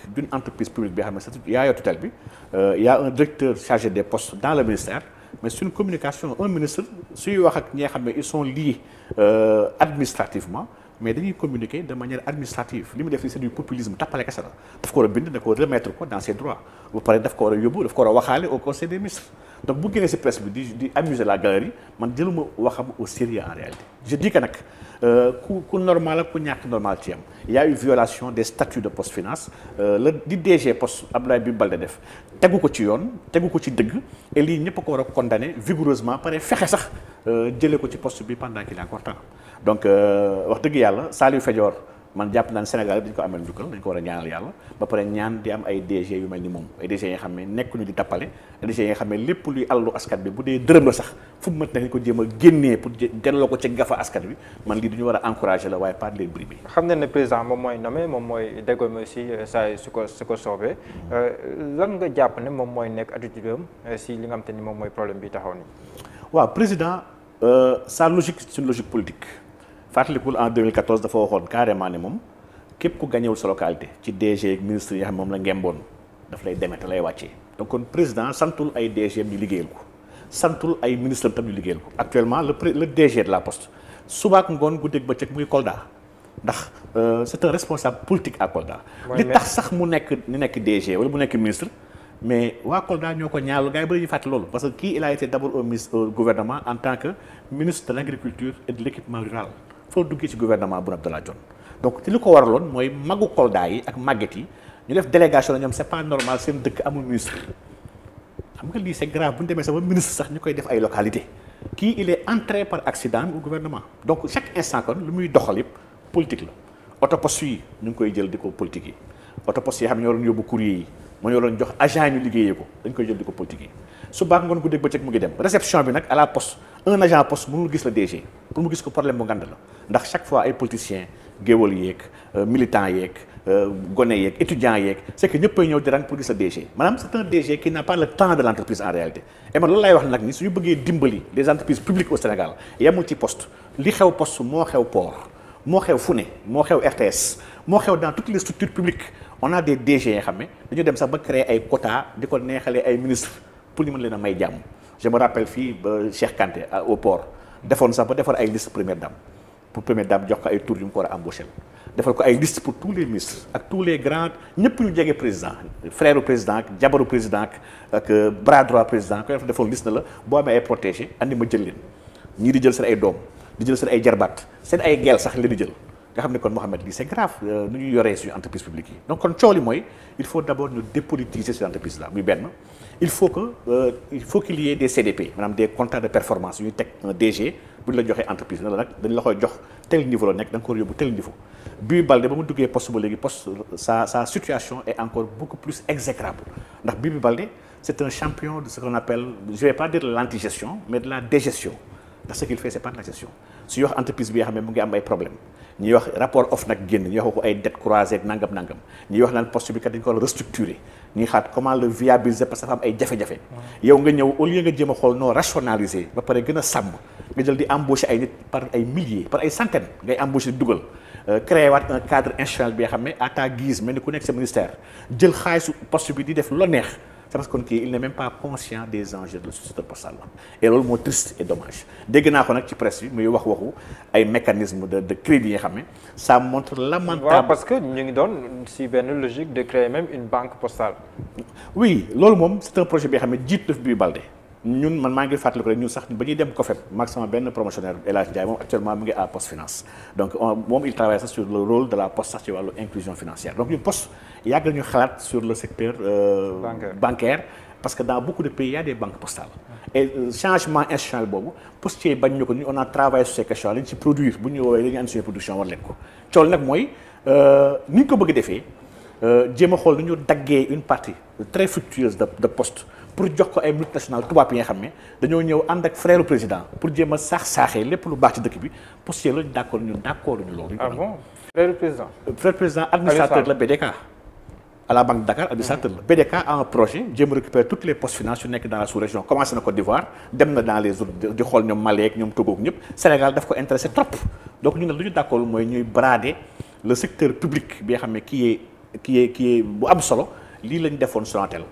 mais suñ communication un ministre suy wax ak ñi nga xam ne ils sont liés euh, administrativement mais dañuy communiquer de manière administrative li mu def c'est du populisme tappale kese la daf ko war a bind da ko remettre ko dans ses droits ba pare daf ko war a yóbbu daf ko war a waxaale au conseil des ministres donc bu génnee si presse bi di amuser la galerie man jëluma waxam au sérieux en réalité je dis que nag Euh, ku ku normal ak ku ñàkk normal ci am y violation des statuts de Poste Finance euh, la di DG Poste Abdoulaye bi Baldé def tegu ko ci yoon tegu ko ci dëgg et lii ñëpp a ko war a condamné vigoureusement pare fexe sax euh, jëlee ko ci post bi pendant qu'il est encore donc wax dëgg yàlla Saliou Fedior man jàpp naan Sénégal dañ ko amal njukkal dañ ko war a ñaanal yàlla ba pare ñaan di am ay DG yu mel ni moom ay yi xam ne nekkuñu di tappale DG yi xam ne lépp luy alalu askan bi bu dee dërëm la sax fu mu mën nañ ko jéem a génnee pour delloo ko ci gafa askan bi man lii du war a encouragé la waaye pas de bribe bi xam ne ne président moom mooy nommé moom mooy dégomme aussi euh, saa su ko su ko soobee euh, lan nga jàpp ne moom mooy nekk attitude am euh, si li te ni moom mooy problème bi taxaw ni sa logique c'est une logique politique fàttalikul en 2014 dafa waxoon carrément ne moom képp ku gañewul sa localité ci DG ministre yi nga xam moom la ngemboon daf lay demee te lay wàccee. donc kon président santul ay DG ñu liggéeyal ko santul ay ministre tam ñu liggéeyal ko actuellement le le DG de la poste suba ak ngoon guddeeg bëccëg mu ngi Kolda ndax euh, c'est un responsable politique à Kolda. li tax sax mu nekk mu nekk DG wala mu nekk ministre. mais waa Kolda ñoo ko ñaawlu gars yi bëri ñu fàtte loolu parce que kii il a en tant que ministre de l'agriculture et soo duggee ci gouvernement Boun Abdallah Dionne donc te li ko loon mooy magu Kolda yi ak màgget yi ñu def délégation la ñoom c'est pas normal seen dëkk amul ministre xam nga lii c'est grave bu ñu demee sama ministre sax ñu koy def ay localité kii il est entré par accident au gouvernement donc chaque instant kon lu muy doxal yëpp politique la autoposte yi ñu ngi koy jël di ko politique yi autoposte yi xam ne ñoo doon yóbbu courrier yi moo ñoo doon jox agent yi ko dañ koy jël di ko politique su ngoon guddeeg bëccëg mu ngi dem bi nag à la un agent poste mënul gis la DG pour mu gis ko problème bu ngand la ndax chaque fois ay politiciens géwal yeeg euh, militants yeeg euh, gone yeeg étudiants yeeg c'est que ñëppay ñëw di rang pour gis la DG maanaam c'est un DG qui n'a pas le temps de l'entreprise en réalité et man wax nag ni suñu bëggee dimbali des entreprises publiques au Sénégal yemul ci post li xew post moo xew port moo xew fu ne moo xew RTS moo xew dans toutes les structures publiques on a des DG xam ne dañu dem sax ba créer ay quotas di ay ministres pour ñu mën leen a may jàmm je rappelle fii ba Cheikh Kanté au port defoon sax ba defar ay liste première dame pour première dame jox ko ay tour yu mu ko war a embaucher defal ko ay liste pour tous les ministres ak tous les grands ñëpp ñu jege président frère u président jabaru président ak ak euh, bras droit président ko def defoon liste na la boo amee ay protégé andi ma jël leen ñii di jël seen ay doom di jël seen ay jarbaat seen ay gel sax leen di jël nga xam ne kon Mohamed lii c'est grave euh, nu ñu yoree suñu entreprise publique yi donc kon coow la muy benn il faut que euh, il faut qu'il y ait CDP maanaam des contrats de performance yuy teg un DG bu ñu la joxee entreprise ne la nag dañ la jox tel niveau la nekk da nga ko yóbbu tel niveau Bill Baldé ba mu duggee poste ba léegi poste sa sa situation est encore beaucoup plus exécrable ndax Bill Baldé c'est un champion de ce qu'on appelle je vais pas dire qu'il fait c'est pas de la gestion suy wax entreprise bi nga xam ne mu ngi am ay problème ñuy wax rapport off nag génn ñuy wax nangam nangam wax naan poste bi ñuy xaat comment le viabiliser parce que dafa am ay jafe-jafe. yow nga ñëw au lieu nga jéem a xool non ba pare gën a sàmm nga jël di embaucher ay nit par ay milliers par ay centaines ngay embaucher dugal. Euh, créé un cadre institutionnel bi nga xam ne à ta guise mel ni ku nekk sa ministère jël xaalisu poste di def lo neex. c'est parce que kii il n'est même pas conscient des enjeux de la société postale et loolu moo triste et dommage dégg naa ko nag ci presse bi muy wax waxu ay mécanisme de de crédit yi nga xam ne ça montre lamentable. Voilà, parce que ñu ngi doon si benn logique de créer même une banque postale. oui loolu moom c'est un projet bi nga xam ne jiit daf bii ñun man maa ngi fàttaliku rek ñun sax ba ñuy dem COFEP maag sama benn promotionnaire El Hadj Ndiaye moom actuellement mu ngi à Poste Finance donc moom il travaille sax sur le rôle de la Poste sax ci wàllu inclusion financière donc ñu Poste yàgg nañu xalaat sur le secteur euh, bancaire parce que dans beaucoup de pays il y a des banques postales et euh, changement institutionnel boobu postier bañ ñu ko ni on a travaillé sur ces questions lañ ci produire bu ñu woowee dañuy andi suñu euh, ni ñu ko bëgg defee jéem a xool nu ñu daggee une partie très fructueuse de de pour jox ko ay multinational tubaab yi nga xam ne dañoo ñëw ànd ak frère président pour jéem a saax saaxee lépp lu baax ci dëkk bi postier la ñu d' accord ñu d' accord ñu loolu. Ah la BDK. à la Banque de Dakar administrateur la. BDK a un projet jéem a toutes les postes finance yu nekk dans la sous-région commencé na Côte d'Ivoire dem na dans les zones di xool ñoom Mali ak ñoom Togo ak ñëpp Sénégal daf ko intéressé trop donc ñu ne lu ñu d' accord mooy ñuy brader le secteur public bi nga xam ne kii kii kii bu am solo lii la ñu defoon Sonatel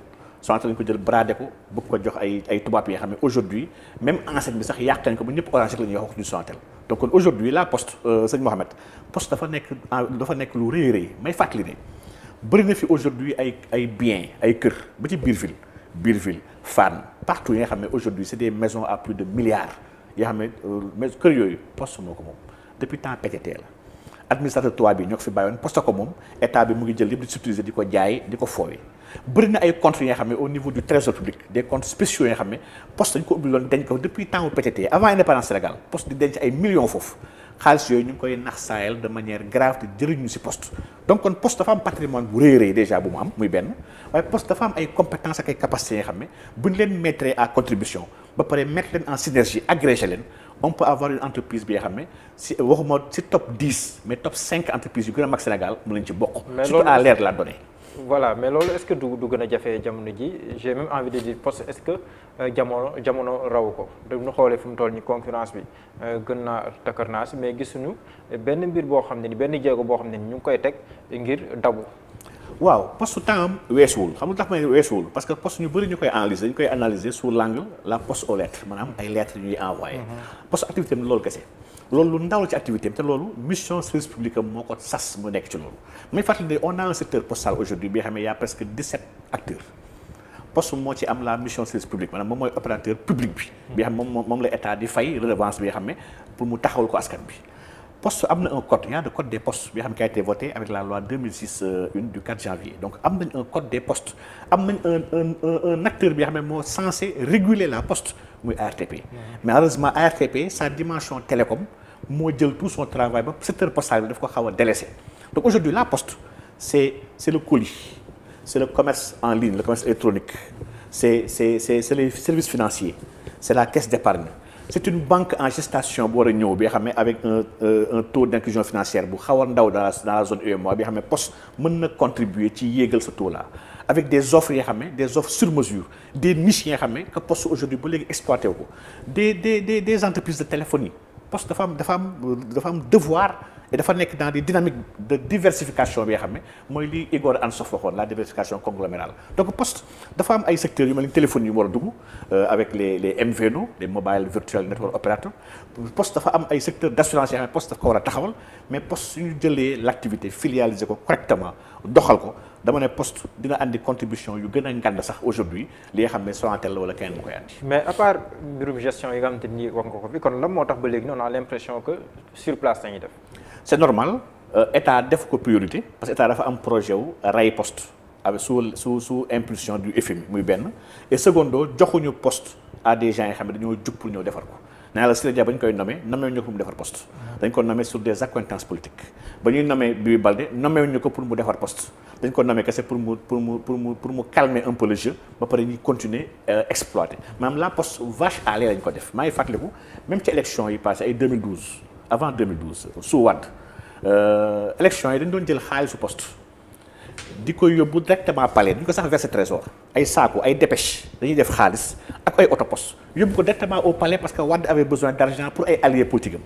Sonatel lañu ko jël bradé ko bëgg ko jox ay ay tubaab yi nga xam ne aujourd'hui même enseigne bi sax yàq nañ ko ba ñëpp Orange rek la ñuy wax wax du Sonatel donc kon aujourd'hui la poste euh, sëñ Mohamed poste dafa nekk dafa nekk lu rëy rëy may fàttali ne bëri na fi aujourd'hui ay ay biens ay kër ba ci biir ville biir ville Fann partout yi nga xam ne aujourd'hui c'est des maisons à plus de milliards yoo xam ne euh, kër yooyu post moo ko moom depuis temps PTT la administrateur tubaab bi ñoo ko fi ko moom état bi mu ngi jël yëpp di di ko jaay di ko foowee bëri na ay comptes yi nga xam ne au niveau du trésor public des comptes spéciaux yi nga xam ne poste dañ ko ubbi loon dañ ko depuis temps PTT avant indépendance Sénégal poste di denc ay millions foofu xaalis yooyu ñu koy nax saayal de manière grave te jëriñu si poste donc kon poste dafa am patrimoine bu rëy rëy déjà bu mu am muy benn waaye poste dafa am ay compétences ak ay capacités yi nga bu ñu leen mettre à contribution ba pare mettre leen en synergie agrégé leen on peut avoir bi nga xam ne si waxuma si top 10 mais top 5 yu gën a mag Sénégal mu lañ ci bokk surtout à la donnée voilà mais loolu est-ce que du du gën a jafe jamono ji j'ai même envie de dire est-ce que euh, jamono jamono raw ko dañu xoolee fu mu toll ni concurrence bi euh, gën naa takarnaas mais gisuñu benn mbir boo xam ne ni benn jéego boo xam ne ni ñu ngi koy teg ngir dabu. waaw poste temps weesuwul xam nga tax may weesuwul parce que poste ñu bëri ñu koy analyser dañu koy analyser sous l'angle la poste aux lettres maanaam ay lettres ñuy envoyé. Mm-hmm. poste activité am loolu kese. loolu lu ndaw la ci activité am te loolu mission service public am moo ko sas mu nekk ci loolu may fàttali ne on a un secteur postal aujourd'hui bi nga xam ne y' a presque 17 moo ci am la mission service public maanaam moom mooy opérateur public bi bi nga moom la état di fay redevance bi nga xam ne pour mu taxawal ko askan bi poste am na un code il y a le code des postes bi nga xam ne qui a été voté avec la loi euh, du janvier donc am nañ un code des postes am nañ un un un acteur bi nga xam ne moo censé réguler la poste muy ARTP. mais heureusement ARTP sa dimension télécom moo jël tout son travail ba secteur postal bi daf ko xaw a délaissé donc aujourd'hui la post c'est c'est le colis c'est le commerce en ligne le commerce électronique c'est c'est c'est service les services financiers c'est la c'est une banque en gestation bu war a ñëw bi xam ne avec un euh, un taux d'inclusion financière bu xaw a ndaw dans la dans la zone UEMOA bi xam ne poste mën na contribuer ci yéegal sa taux là avec des offres yoo xam ne des offres sur mesure des niches yoo xam ne que poste aujourd'hui ba léegi exploité wu ko des des des des entreprises de téléphonie parce que dafa am dafa am dafa am devoir et dafa nekk dans des dynamiques de diversification bi nga xam ne mooy li Igor Ansoff waxoon la diversification conglomérale donc poste dafa am ay secteurs yu mel ni téléphone yu war a dugg euh, avec les les MVNO les mobile virtual network opérateur poste dafa am ay secteurs d' assurance yoo xam ne poste dafa ko war a taxawal mais poste suñu jëlee l' activité filialisé ko correctement doxal ko dama ne poste dina andi contribution yu gën a ngand sax aujourd'hui li nga xam ne Sonatel la wala kenn mu koy andi. mais à part gestion yi nga ni wax nga ko fi kon lan moo tax ba léegi noonu on a l'impression que sur place la ñuy def. c'est normal euh, état def ko priorité parce que état dafa am projet wu ray post avec sous sous su impulsion du FMI muy benn et secondo joxuñu poste à des gens yi xam ne dañoo jug pour ñëw defar ko. naa la Siré Dia ba ñu koy nomee nommé ñu ko pour mu defar poste dañ ko nommé sur des accointances politiques ba ñuy nommé Bibi Baldé nommé ñu ko pour mu defar poste dañ ko nommé kese pour mu pour mu pour mu pour mu calmer un peu ba pare ñuy continuer euh, exploiter maanaam la post vache à lait lañ ko def maay ngi fàttaliku même ci élection yi passé ay 2012 avant 2012 sous Wade euh, élection yi dañ doon jël xaalisu post di koy yóbbu directement palais duñ ko sax verser trésor ay saako ay dépêche dañuy def xaalis ak ay autopos yóbbu ko directement au palais parce que Wade avait besoin d' argent pour ay alliés politiques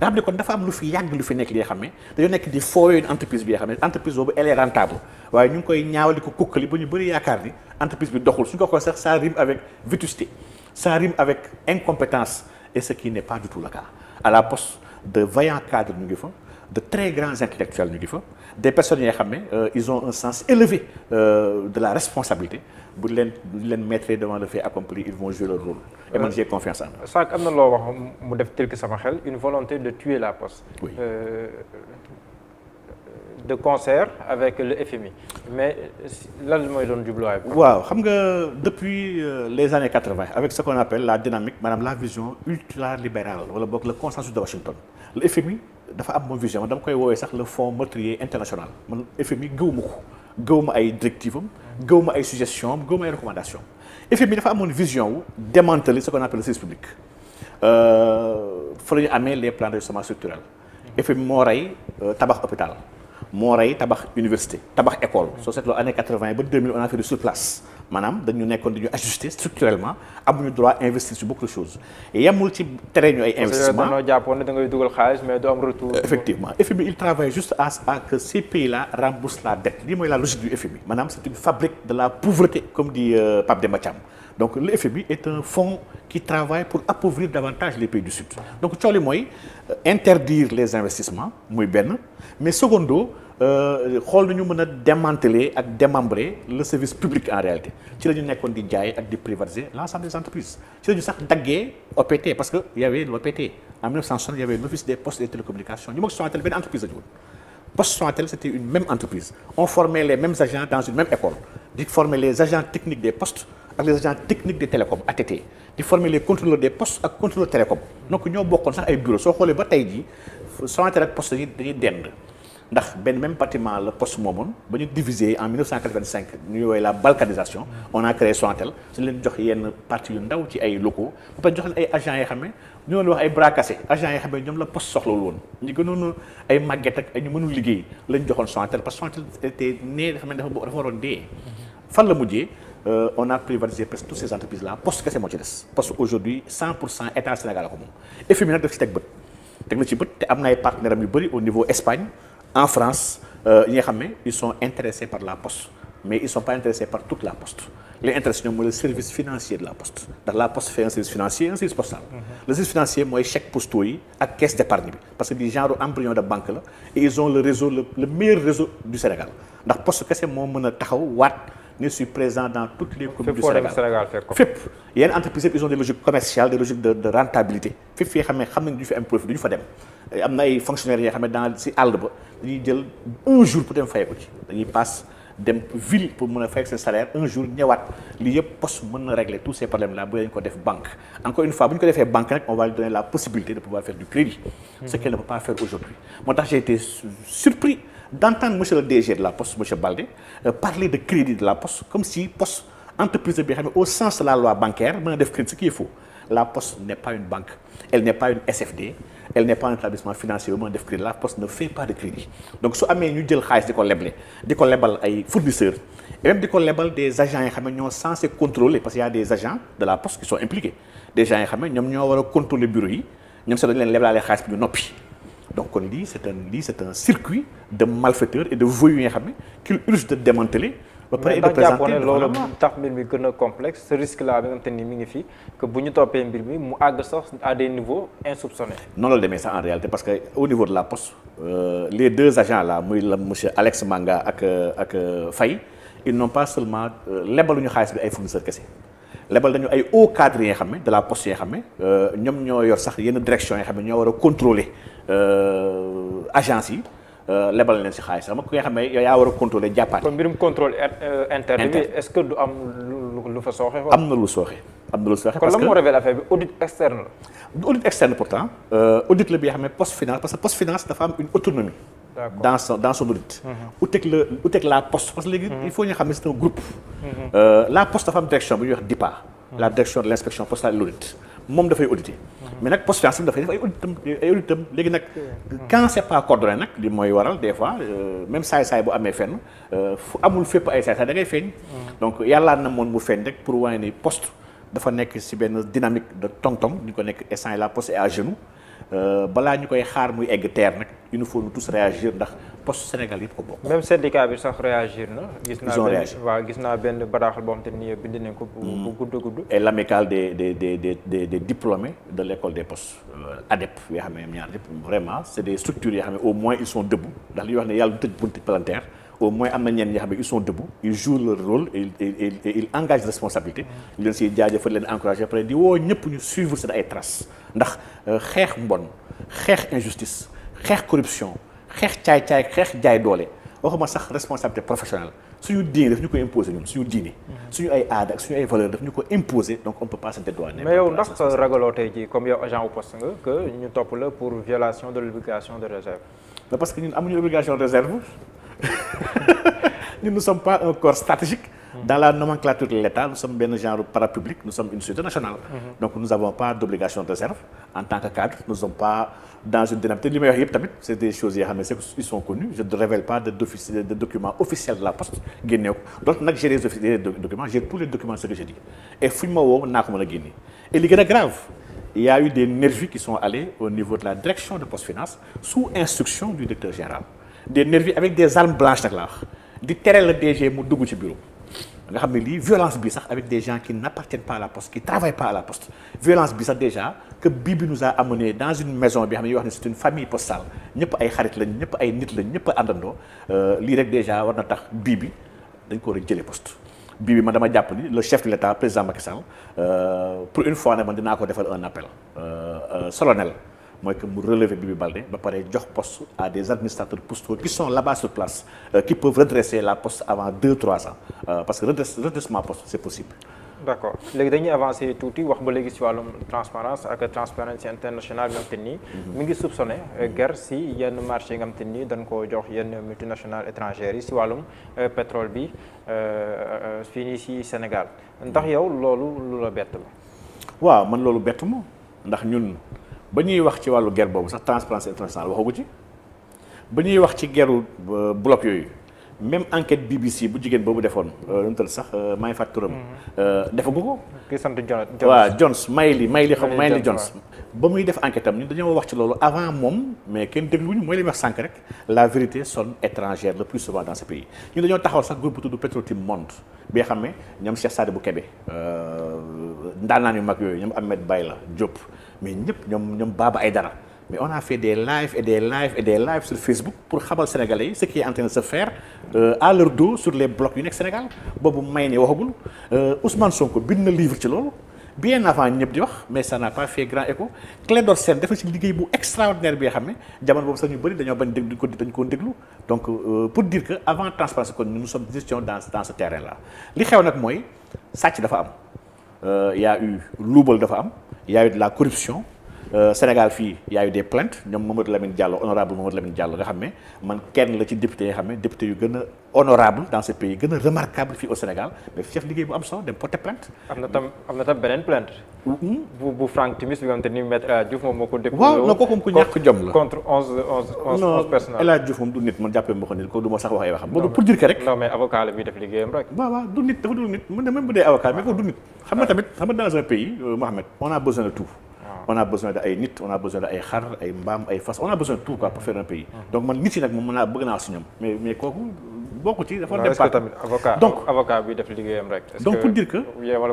am nga kon dafa am lu fi yàgg lu fi nekk li nga xam ne dañoo nekk di foowee une entreprise bi nga xam ne entreprise boobu elle est rentable waaye ñu ngi koy ñaawal di ko kukkali ba ñu bëri yaakaar ni entreprise bi doxul suñ ko ko sax ça rime avec vétusté ça incompétence et ce qui n' est pas à la poste de vaillants cadres ñu ngi fa de très grands intellectuels ñu ngi fa des personnes yoo xam ne euh, ils ont un sens élevé euh, de la responsabilité bu leen bu leen mettre devant le fait accompli ils vont jouer leur rôle. et man euh, confiance en eux. sànq am na loo wax mu def tel que sama xel une volonté de tuer la poste. oui de concert avec le FMI mais lan mooy doon jubluwaay bi. xam nga depuis les années quatre vingt avec ce qu'on appelle la dynamique maanaam la vision ultralibérale wala boog le consensus de Washington le FMI. dafa am ma vision dama koy woowee sax le fonds meurtrier international man FMI gëwuma ko gëwuma ay directives am gëwuma ay suggestions am gëwuma ay recommandations am dafa amoon vision wu démanteler ce qu'on appelle le service public euh, fa la ñu amee les plans d'ajustement structurel FMI moo rey euh, tabax hôpital moo rey tabax université tabax école soo seetloo année 80 ba 2000 on a fait du place maanaam dañu nekkoon dañu ajuster structurellement amuñu droit investir ci beaucoup de choses yemul ci tere ñu ay investissement dañoo jàppoon da ngay dugal xaalis mais du am retour effectivement FMI il travaille juste à à que ces pays là remboursent la dette lii mooy la c'est une fabrique de la pauvreté comme dit euh, Pape Demba Thiam donc le FMI est un fonds qui travaille pour appauvrir davantage les pays du Sud donc cooli mooy euh, interdire les investissements muy benn mais secondo Euh, xool nu ñu mën a démanteler ak démembrer le service public en réalité ci la nekkoon di jaay ak di privatiser l'ensemble des entreprises ci la ñu sax daggee OPT parce que y avait l'OPT en 1960 y avait l'office des postes et des télécommunications ñu mag Sonatel benn entreprise la ñu woon poste Sonatel c'était une même entreprise on formait les mêmes agents dans une même école di former les agents techniques des postes ak les agents techniques des télécoms ATT ba tey jii Sonatel ak poste yi ndax benn même bâtiment la poste moomoon ba ñu diviser en 1985 ñu woowee la balkanisation on a créé Sonatel suñu leen jox yenn partie yu ndaw ci ay locaux ba pare leen ay agents yoo xam ne ñu wax ay bras cassés agents yoo xam ne ñoom la poste soxlawul woon ñu gënoon ay màgget ak ay ñu mënul liggéey lañ joxoon Sonatel parce que Sonatel était né dafa dafa waroon dee. fan la mujjee euh, on a privatisé presque toutes ces entreprises là poste kese moo ci des parce que aujourd'hui 100 pour cent état Sénégal la moom FMI nag daf si teg bët te am na ay partenaires yu bëri au niveau Espagne. en France euh, ñi nga xam ne ils sont intéressés par la poste mais ils sont pas intéressés par toute la poste li intéresse ñoom mooy le service financier de la poste ndax la poste fait un service financier un service postal mhm. le service financier mooy chèque postaux yi ak caisse d'épargne bi parce que bi genre embryon de banque la et ils ont le meilleur réseau du Sénégal ndax poste kese moo mën a taxaw waat ne suis présent dans toutes les communes du Sénégal fépp yenn entreprise am na ay fonctionnaires yoo xam ne dans si àll ba dañuy jël un jour pour dem fay ko ci dañuy pass dem ville pour mën a fay seen salaire un jour ñëwaat lii yëpp poste mën na régler tous ces problèmes là bu ñu ko def banque encore une fois bu ñu ko defee banque nag on va lui donner la moo tax j'ai été surpris d'entendre monsieur le DG de la poste monsieur Baldé euh, parler de crédit de la poste comme si poste entreprise bi xam ne au sens de la loi bancaire mën a def crédit ce elle n'est pas un établissement financier bu mën a def crédit la poste ne fait pas de crédit donc su amee ñu jël xaalis di ko leble di ko lebal ay fournisseurs et même di ko lebal des agents yi xam ne ñoo censé contrôler parce qu'il des agents de la poste qui soo impliqués des gens yi xam ñoom ñoo war a contrôler bureau yi ñoom sax dañu leen leblaale xaalis bi ñu noppi donc kon lii c'est un lii c'est un circuit de malfaiteurs et de voyous yi nga xam ba pare ndax jàppoon ne loolu tax mbir mi gën a complexe ce risque là bi nga xam te ni mi ngi fi que bu ñu toppee mbir mi mu àgg sax à des niveaux insoupçonnés noonu la demee sax en réalité parce que au niveau de la euh, les deux agents là muy la monsieur Alex Manga ak euh, ak euh, Faye ils n'ont pas seulement lebaluñu xaalis bi ay fournisseurs kese lebal dañu ay hauts cadres yi nga xam ne de la poste yi xam ne ñoom ñoo yor sax yenn direction yi nga xam ne ñoo war a contrôler agence yi Euh, lebal leen si xaalis xam nga ku nga xam ne yow yaa war a contrôler jàppaat. kon mbirum contrôle euh, interne bi que du am lu fa sooxe. am na lu sooxe am na lu sooxe. parce que kon lan audit externe la. du audit externe pourtant euh, audit la bi nga xam ne post finance parce que post finance dafa am une autonomie. D'accord. dans son dans la mhm. uteeg la poste parce que léegi. Mhm. il faut ñu xam ne c'est un groupe. Mhm. la poste dafa am direction bu ñuy wax DIPA. la direction de l'inspection postale moom dafay audité mais nag poste financier dafay def ay auditam ay auditam léegi nag quand c'est pas coordonné nag li mooy waral des fois euh, même saay-saay bu amee fenn euh, fu amul fépp ay saay-saay da ngay feeñ donc yàllaa na moon mu feeñ rek pour wane ni post dafa nekk ci benn dynamique de tong-tong ñu ko nekk instant la poste est à genoux euh, balaa ñu koy xaar muy egg terre nag il faut nous tous réagir ndax poste Sénégal yëpp ko bokk. même syndicat bi sax réagir na. gis naa benn waaw gis naa benn bataaxal boo xam te ni bind nañ ko. bu hmm. gudd gudd. et l'amicale des des de l'école des postes euh, ADEP yoo xam ne ñoom ñaar yëpp vraiment c'est des structures yoo xam ne au moins ils sont debout ndax li ñuy wax ne yàlla du tëj bunti palanteer au moins am na ñenn ñi xam ne ils sont debout ils jouent leur rôle et et responsabilité. ñu hmm. leen siy jaajëfal leen encourager après di woo ñëpp ñu suivre ndax euh, xeex mbon xeex injustice xeex corruption. xeex caay-caay xeex jaay doole waxuma sax responsabilité professionnelle suñu diine daf ñu ko imposer ñun suñu diine. Mhm. suñu ay aada ak suñu ay valeur daf ñu ko imposer donc on peut pas se dédouaner. mais yow ndax ragaloo tey jii comme yow agent au poste nga ñu topp la pour violation de l'obligation de réserve. mais parce que ñun amuñu obligation de réserve ñun nous sommes pas un stratégique. dans la nomenclature de l'État nous sommes benn genre parapublic nous sommes une société nationale mhm. donc nous n'avons pas d'obligation de réserve en tant que cadre nous sommes pas dans une dynamique li may wax tamit c'est des choses yoo xam ne c'est ils sont je révèle pas de documents officiels de la poste génne donc nag j'ai documents j'ai tous les documents sous instruction du directeur général des nervis avec des armes blanches nag nga xam ne lii violence bi sax avec des gens qui n'appartiennent pas à la poste qui travaillent pas à la poste violence bi sax déjà que Bibi nous a amené dans une maison bi xam ne yoo xam ne c'est une famille postale ñëpp ay xarit lañ ñëpp ay nit lañ ñëpp a àndandoo euh, lii rek déjà war na tax bii bi dañ ko war a post poste bi ma dama jàpp ni le chef de l'État président Macky Sall euh, pour une fois ne man dinaa ko defal un appel euh, solennel mooy que mu relever Bibi Baldé ba pare jox poste à des administrateurs postaux qui sont là-bas sur place euh, qui peuvent redresser la poste avant deux trois ans euh, parce que redresse redressement poste c'est possible. d'accord léegi dañuy avancer tuuti wax ma léegi ci wàllum transparence ak transparency internationale nga xam te nii mhm. mi ngi soupçonné euh, guerre ci yenn marché yi nga xam te nii dañ koo jox yenn multinationales étrangères yi ci wàllum pétrole bi fii nii ci Sénégal mhm. ndax yow loolu lu la bett la waaw ba ñuy wax ci wàllu ger boobu sax transparence internationale waxagu ci ba ñuy wax ci guerru euh, bloc yooyu même enquête BBC bu jigéen boobu defoon lu euh, mu tal sax maa ngi fàtt turam defagu ko kii sant Jones waaw Jones Mayli Mayli xam Mayli Jones ba muy def enquête am ñun dañoo wax ci loolu avant moom mais kenn dégluwuñu mooy li wax sànq rek la vérité sonne étrangère le plus souvent dans ce pays ñun dañoo taxaw sax groupe bu tudd Petro-Tim Monde bi nga ne ñoom Cheikh Sadibou Kébé euh, ndaanaan yu mag yooyu ñoom Ahmed Bayla Diop mais ñëpp ñoom ñoom Baba Aïdara mais on a fait des lives et des lives et des lives sur Facebook pour xamal sénégalais yi ce qui est en train de se faire euh, à leur dos sur les blocs yu nekk Sénégal boobu may ne waxagul euh, Ousmane Sonko bind na livre ci loolu bien avant ñëpp di wax mais ça n'a pas fait grand écho Clédor Sène dafa ci liggéey bu extraordinaire bi nga xam ne jamono boobu sax ñu bëri dañoo bañ dégg ko dañ koo déglu donc euh, pour dire que avant transparence kon nous sommes gestion dans li xew nag mooy sàcc dafa am y a dafa am. il y a eu de la corruption Euh, Sénégal fii y a eu des plaintes ñoom Mamadou Lamine Diallo honorable Mamadou Lamine Diallo nga xam ne man kenn la ci député yi xam ne député yu gën a honorable dans ce pays gën a remarquable fii au dem porter plainte. am na tam am moom du nit man jàppee ma ko nit ko du ma sax wax ay pour dire que rek. non mais du nit dafa dul nit man de même bu avocat mais ko du nit. xam nga ah. tamit xam nga dans un pays euh, Mohamed on a besoin de tout on a besoin de ay nit on a besoin de ay xar ay mbaam ay fas on a besoin de tout quoi pour faire un pays. Mm. donc man nit yi nag moom mën naa bëgg naa si ñoom mais mais kooku bokk ci def liggéeyam rek. donc pour dire que ko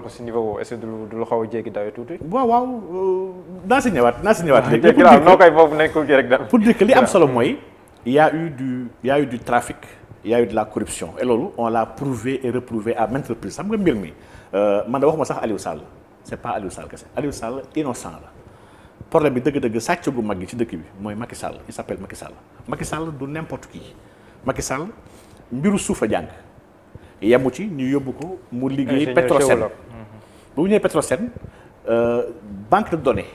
si niveau est ce que du du a jéggi dawee tuuti. waaw waaw euh, naa si ñëwaat naa si ñëwaat ah, léegi. pour dire que noo koy foofu nekkul ci rek daal. pour dire que li am solo mooy. y a eu du y ya eu y a de la corruption et loolu on l'a prouvé et reprouvé à maintes reprises xam nga mbir mi euh, man da waxuma sax Aliou Sall c'est pas Aliou Sall kese Aliou Sall innocent la. problème bi dëgg-dëgg sàcc gu mag gi ci dëkk bi mooy Macky Sall il s'appelle Macky Sall Macky du n'importe kii Macky Sall mbiru suuf a jàng yemu ci ñu yóbbu ko mu liggéey Petrosen bu mu ñëwee Petrosen euh, banque de données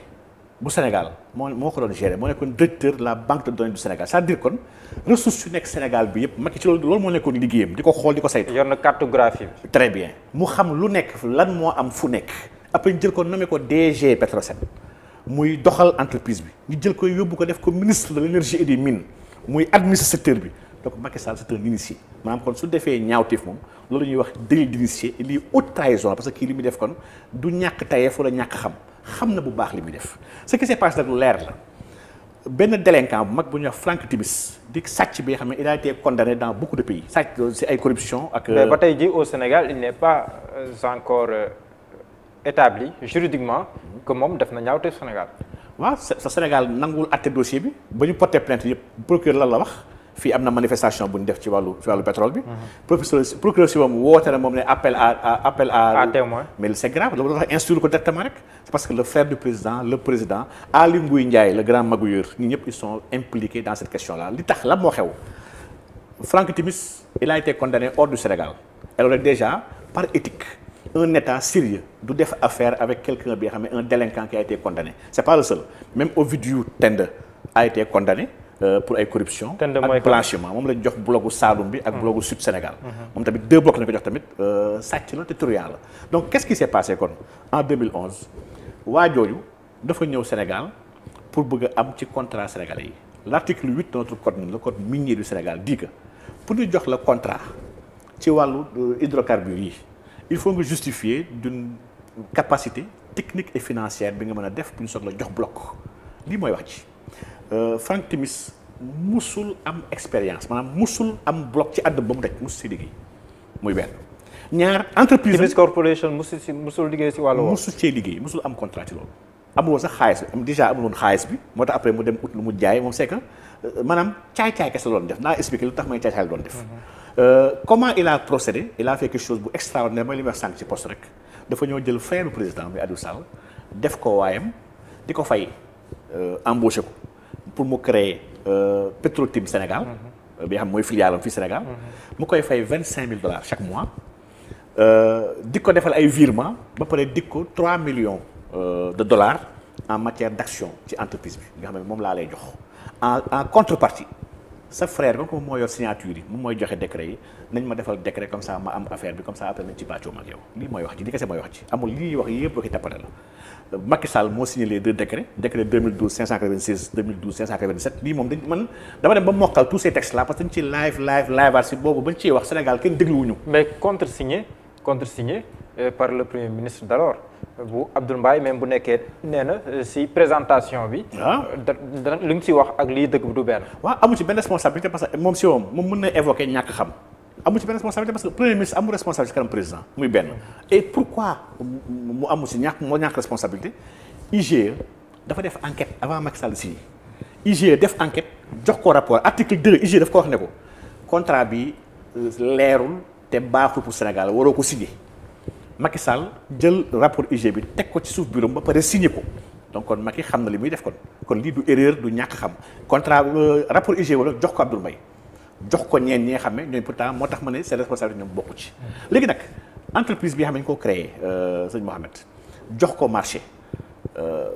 bu Sénégal moo moo ko doon moo nekkoon directeur la banque de données du kon ressource yu nekk Sénégal bi yëpp Macky ci loolu loolu moo nekkoon liggéeyam di ko xool di ko saytu. yor très bien mu xam lu nekk lan moo am fu nekk après jël ko nommé ko DG Petrosen. muy doxal entreprise bi ñu jël koy yóbbu ko def ko ministre de l' énergie et des mines muy administre secteur bi donc Macky Sall c'est un initié maanaam kon su defee ñaawteef moom loolu ñuy wax délit d'initié lii haute trahison parce que kii li muy def kon du ñàkk tayeef wala ñàkk xam xam na bu baax li muy def ce qui s'est passé nag leer la benn délinquant bu mag bu ñuy wax Frank Timis di sàcc bi nga xam ne il a été condamné dans beaucoup de pays sàcc si ay euh, tey jii au Sénégal il n'est pas euh, encore. Euh, établi juridiquement que moom def na ñaawte Sénégal. waaw sa Sénégal nanguwul àtte dossier bi ba ñu porté plainte yëpp procureur lan la wax fii am na manifestation bu ñu def ci wàllu ci wàllu pétrole bi. Mhm. professeur procureur si moom woote na moom ne appel à à appel à. à témoin mais c' est grave loolu dafa instruire ko que le frère du président le président Aly Ngouille Ndiaye le grand magouilleur li tax lan moo xew. Franck Timis il a été condamné du Sénégal alors déjà par éthique. un état sérieux du def affaire avec quelqu'un bi a xam ne un délinquant qui a été condamné c'est pas le seul même Ovidiu Tend a été condamné euh, pour ay corruption ak blanchiment moom lañ jox blogu Saloum bi ak mm-hmm. blogu Sud Sénégal mm-hmm. moom tamit deux blocs lañ ko jox tamit euh, sàcc la te truand la donc quest qui s'est passé kon en waa jooju dafa ñëw Sénégal pour bëgg a am ci contrat sénégalais yi l'article notre code le code minier du Sénégal dit que pour ñu jox la il faut nga justifier d'une capacité technique et financière bi nga mën a def bu ñu la jox bloc lii mooy wax ci euh, Franck Timis musul am expérience maanaam musul am bloc ci àdduna ba mu daj musul si liggéey muy benn ñaar entreprise Timis si musul liggéey si wàllu musul am contrat ci loolu amuloo sax xaalis bi am déjà amuloon bi moo tax après mu dem ut lu mu jaay moom c'est que euh, maanaam caay-caay kese la doon def naa expliqué lu tax may caay-caay la doon def mm-hmm. Euh, comment il a procédé il a fait quelque chose bu extraordinaire mooy li ma sànq ci poste rek dafa ñoo jël frère président bi Aliou Sall def ko waayam di ko fay euh, embauché ko pour mu créer euh, Petro-Tim Sénégal. Mhm. bi nga xam mooy filiale am fii Sénégal. Mhm. mu koy fay vingt cinq mille dollars chaque mois. di ko defal ay virements ba pare di ko trois millions de dollars en matière d' action ci entreprise bi nga xam ne moom laa lay jox en en contrepartie. sa frère ba ko moo yor signature yi moom mooy joxe décret yi nañ ma defal décret comme ça ma am affaire bi comme ça après nañ ci bàccoo ak yow lii moom dañ man dama dem ba mokkal tous ces textes là parce que ci live live live si boobu bañ ciy wax Sénégal kenn dégluwuñu mais contre signé contre signé Euh, par le premier ministre d'alors bu Abdoul Mbaye même bu nekkee nee na euh, si présentation bi. ah euh, li nga si wax ak lii dëgg du benn. waaw amu ci benn responsabilité parce que moom si moom moom mën na évoquer ñàkk xam amu ci benn responsabilité parce que premier ministre amul responsabilité kanam président muy benn. et pourquoi mu amul si ñàkk moo ñàkk responsabilité IGE dafa def enquête avant Macky Sall signé IGE def enquête jox ko rapport article 2 IGE daf ko wax ne ko contrat bi leerul te baaxul Sénégal waroo ko signé. Macky Sall jël rapport IG bi teg ko ci suuf bureau ba pare signé ko donc kon Macky xam na li muy def kon kon lii du erreur du ñàkk xam contrat euh, rapport IG wala jox ko Abdoul Mbaye jox ko ñeen ñi nga xam ne ñooy pourtant moo tax ma ne seen responsabilité ñoom bokku ci. léegi nag entreprise bi xam ne ko créé euh, sëñ Mohamed jox ko marché euh,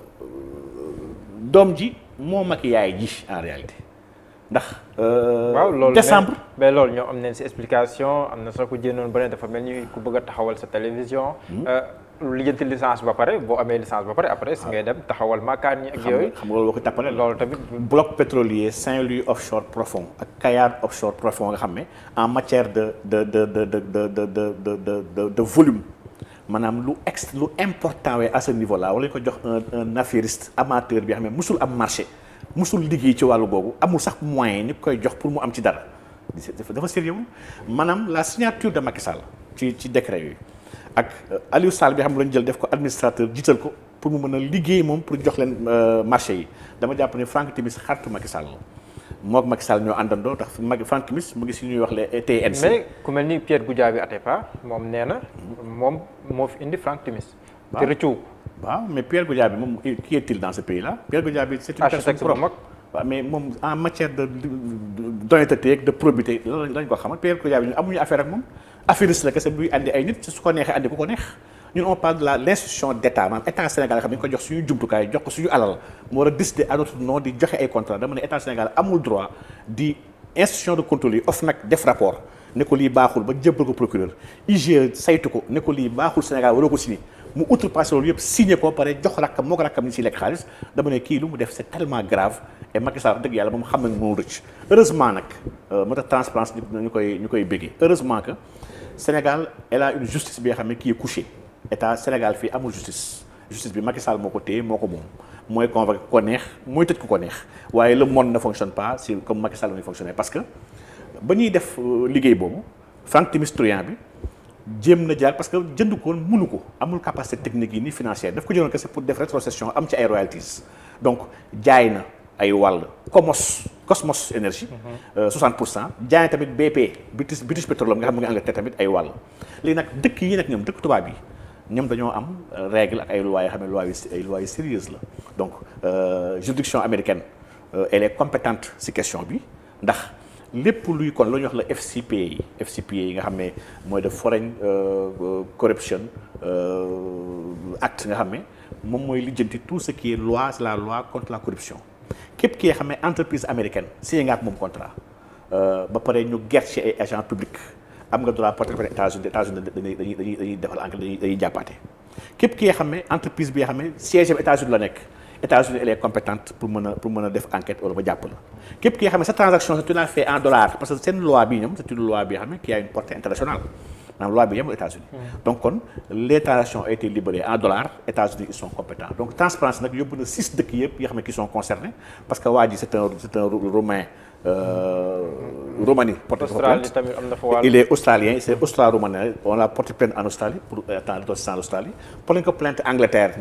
doom ji moo mag yaay ji en réalité. ndax. waaw loolu décembre mais loolu ñoo am nañ si explication am na soo ko jëndoon ba ne dafa mel ni ku bëgg a taxawal sa télévision. lijjanti licence ba pare boo amee licence ba pare après si ngay dem taxawal maakaan yi ak yooyu. xam nga loolu loolu tamit. bloc pétrolier Saint-Louis offshore profond ak Kayar offshore profond nga xam ne en matière de de de de de de de de de volume. maanaam lu ex lu important wee à ce niveau là wala ñu ko jox un un affairiste amateur bi xam ne mosul am marché. mosul liggéey ci wàllu boobu amul sax moyen ñu koy jox pour mu am ci dara dafa sérieux maanaam la signature de Macky Sall ci ci décret yooyu ak euh, Aliou Sall bi xam lañu jël def ko administrateur jital ko pour mu mën a liggéey moom pour jox leen euh, marché yi dama jàpp ne Franck Timis xaritu Macky Sall la mook Macky Sall ñoo àndandoo tax Macky Franck Timis mu ngi si ñuy wax les e TNC. mais ku mel ni Pierre ate Atepa moom nee na moom moo fi indi Franck Timis. te rëccu waaw mais Pierre Goudiaby moom qui est-il dans ce pays-là Pierre Goudiaby c'est une personne propre waaw mais moom en matière de d'honnêteté ak de probité loolu lañ ko xamal Pierre Goudiaby ñun amuñu affaire ak moom affairiste la kese buy xam ne ko jox suñu jumtukaay a ay contrat dama ne état Sénégal amul droit di institution de contrôle of nag def rapport ne ko lii baaxul ba jébbal ko procureur IGE saytu ko ne lii baaxul Sénégal waroo ko signé mu outrepassé loolu yëpp signé ko pare jox rakkam moo ko rakkam ni si lekk xaalis dama ne kii lu mu def c'est tellement grave et Macky Sall dëgg yàlla moom xam nañ mënul rëcc heureusement nag euh, moo tax transparence ñu koy ñu koy bégee heureusement que Sénégal elle a une justice bi nga xam ne kii est couchée état Sénégal fii amul justice justice bi Macky Sall moo ko téye moo ko moom mooy convoqué ko neex mooy tëj ko ko neex waaye le monde ne fonctionne pas si comme Macky Sall ne fonctionne parce que ba ñuy def euh, liggéey boobu Franck Timis bi jéem na jaar parce que jënd ko mënu ko amul capacité technique yi ni financière daf ko jëloon kese pour def rétrocession am ci ay royalties donc jaay na ay wàll Comos Cosmos énergie. Mhm. Euh, 60 pour cent jaay tamit BP British British Petroleum nga xam ne nga Angleterre tamit ay wàll. léegi nag dëkk yi nag ñoom dëkk tubaab yi ñoom dañoo am euh, règle ak ay lois yoo xam ne lois yu ay lois yu la donc euh, juridiction américaine elle est compétente si question bi ndax. lépp luy kon la ñuy wax la FCPA yi yi nga xam ne mooy de foreign euh, euh, corruption euh, act nga xam ne moom mooy lijjanti tout ce qui est loi c'est la loi contre la corruption képp ki nga xam ne entreprise américaine signé nga ak moom contrat ba pare ñu ger ci ay agent public am nga droit porté ko États-Unis États-Unis dañuy dañuy dañuy defal enquête dañuy jàppaate képp ki nga xam ne entreprise bi nga xam ne siège am États-Unis la nekk. États-Unis elle est compétente pour mën a def enquête wala ba jàpp la képp ki nga xam ne sa transaction sa tu fait en dollar parce que seen loi bi ñoom c'est une loi bi nga xam ne qui a une portée internationale maanaam loi bi yemul États-Unis hmm. donc kon les transactions ont été libérées en dollars États-Unis ils sont compétents donc transparence nag yóbbu na six dëkk yëpp yi xam ne qui sont concernés parce que waa ji c'est un Euh, Roumanie. porté ko plainte il est australien c' est austro-roumain on l' a porté plainte en Australie pour attendre dossier en Australie. porté ko plainte Angleterre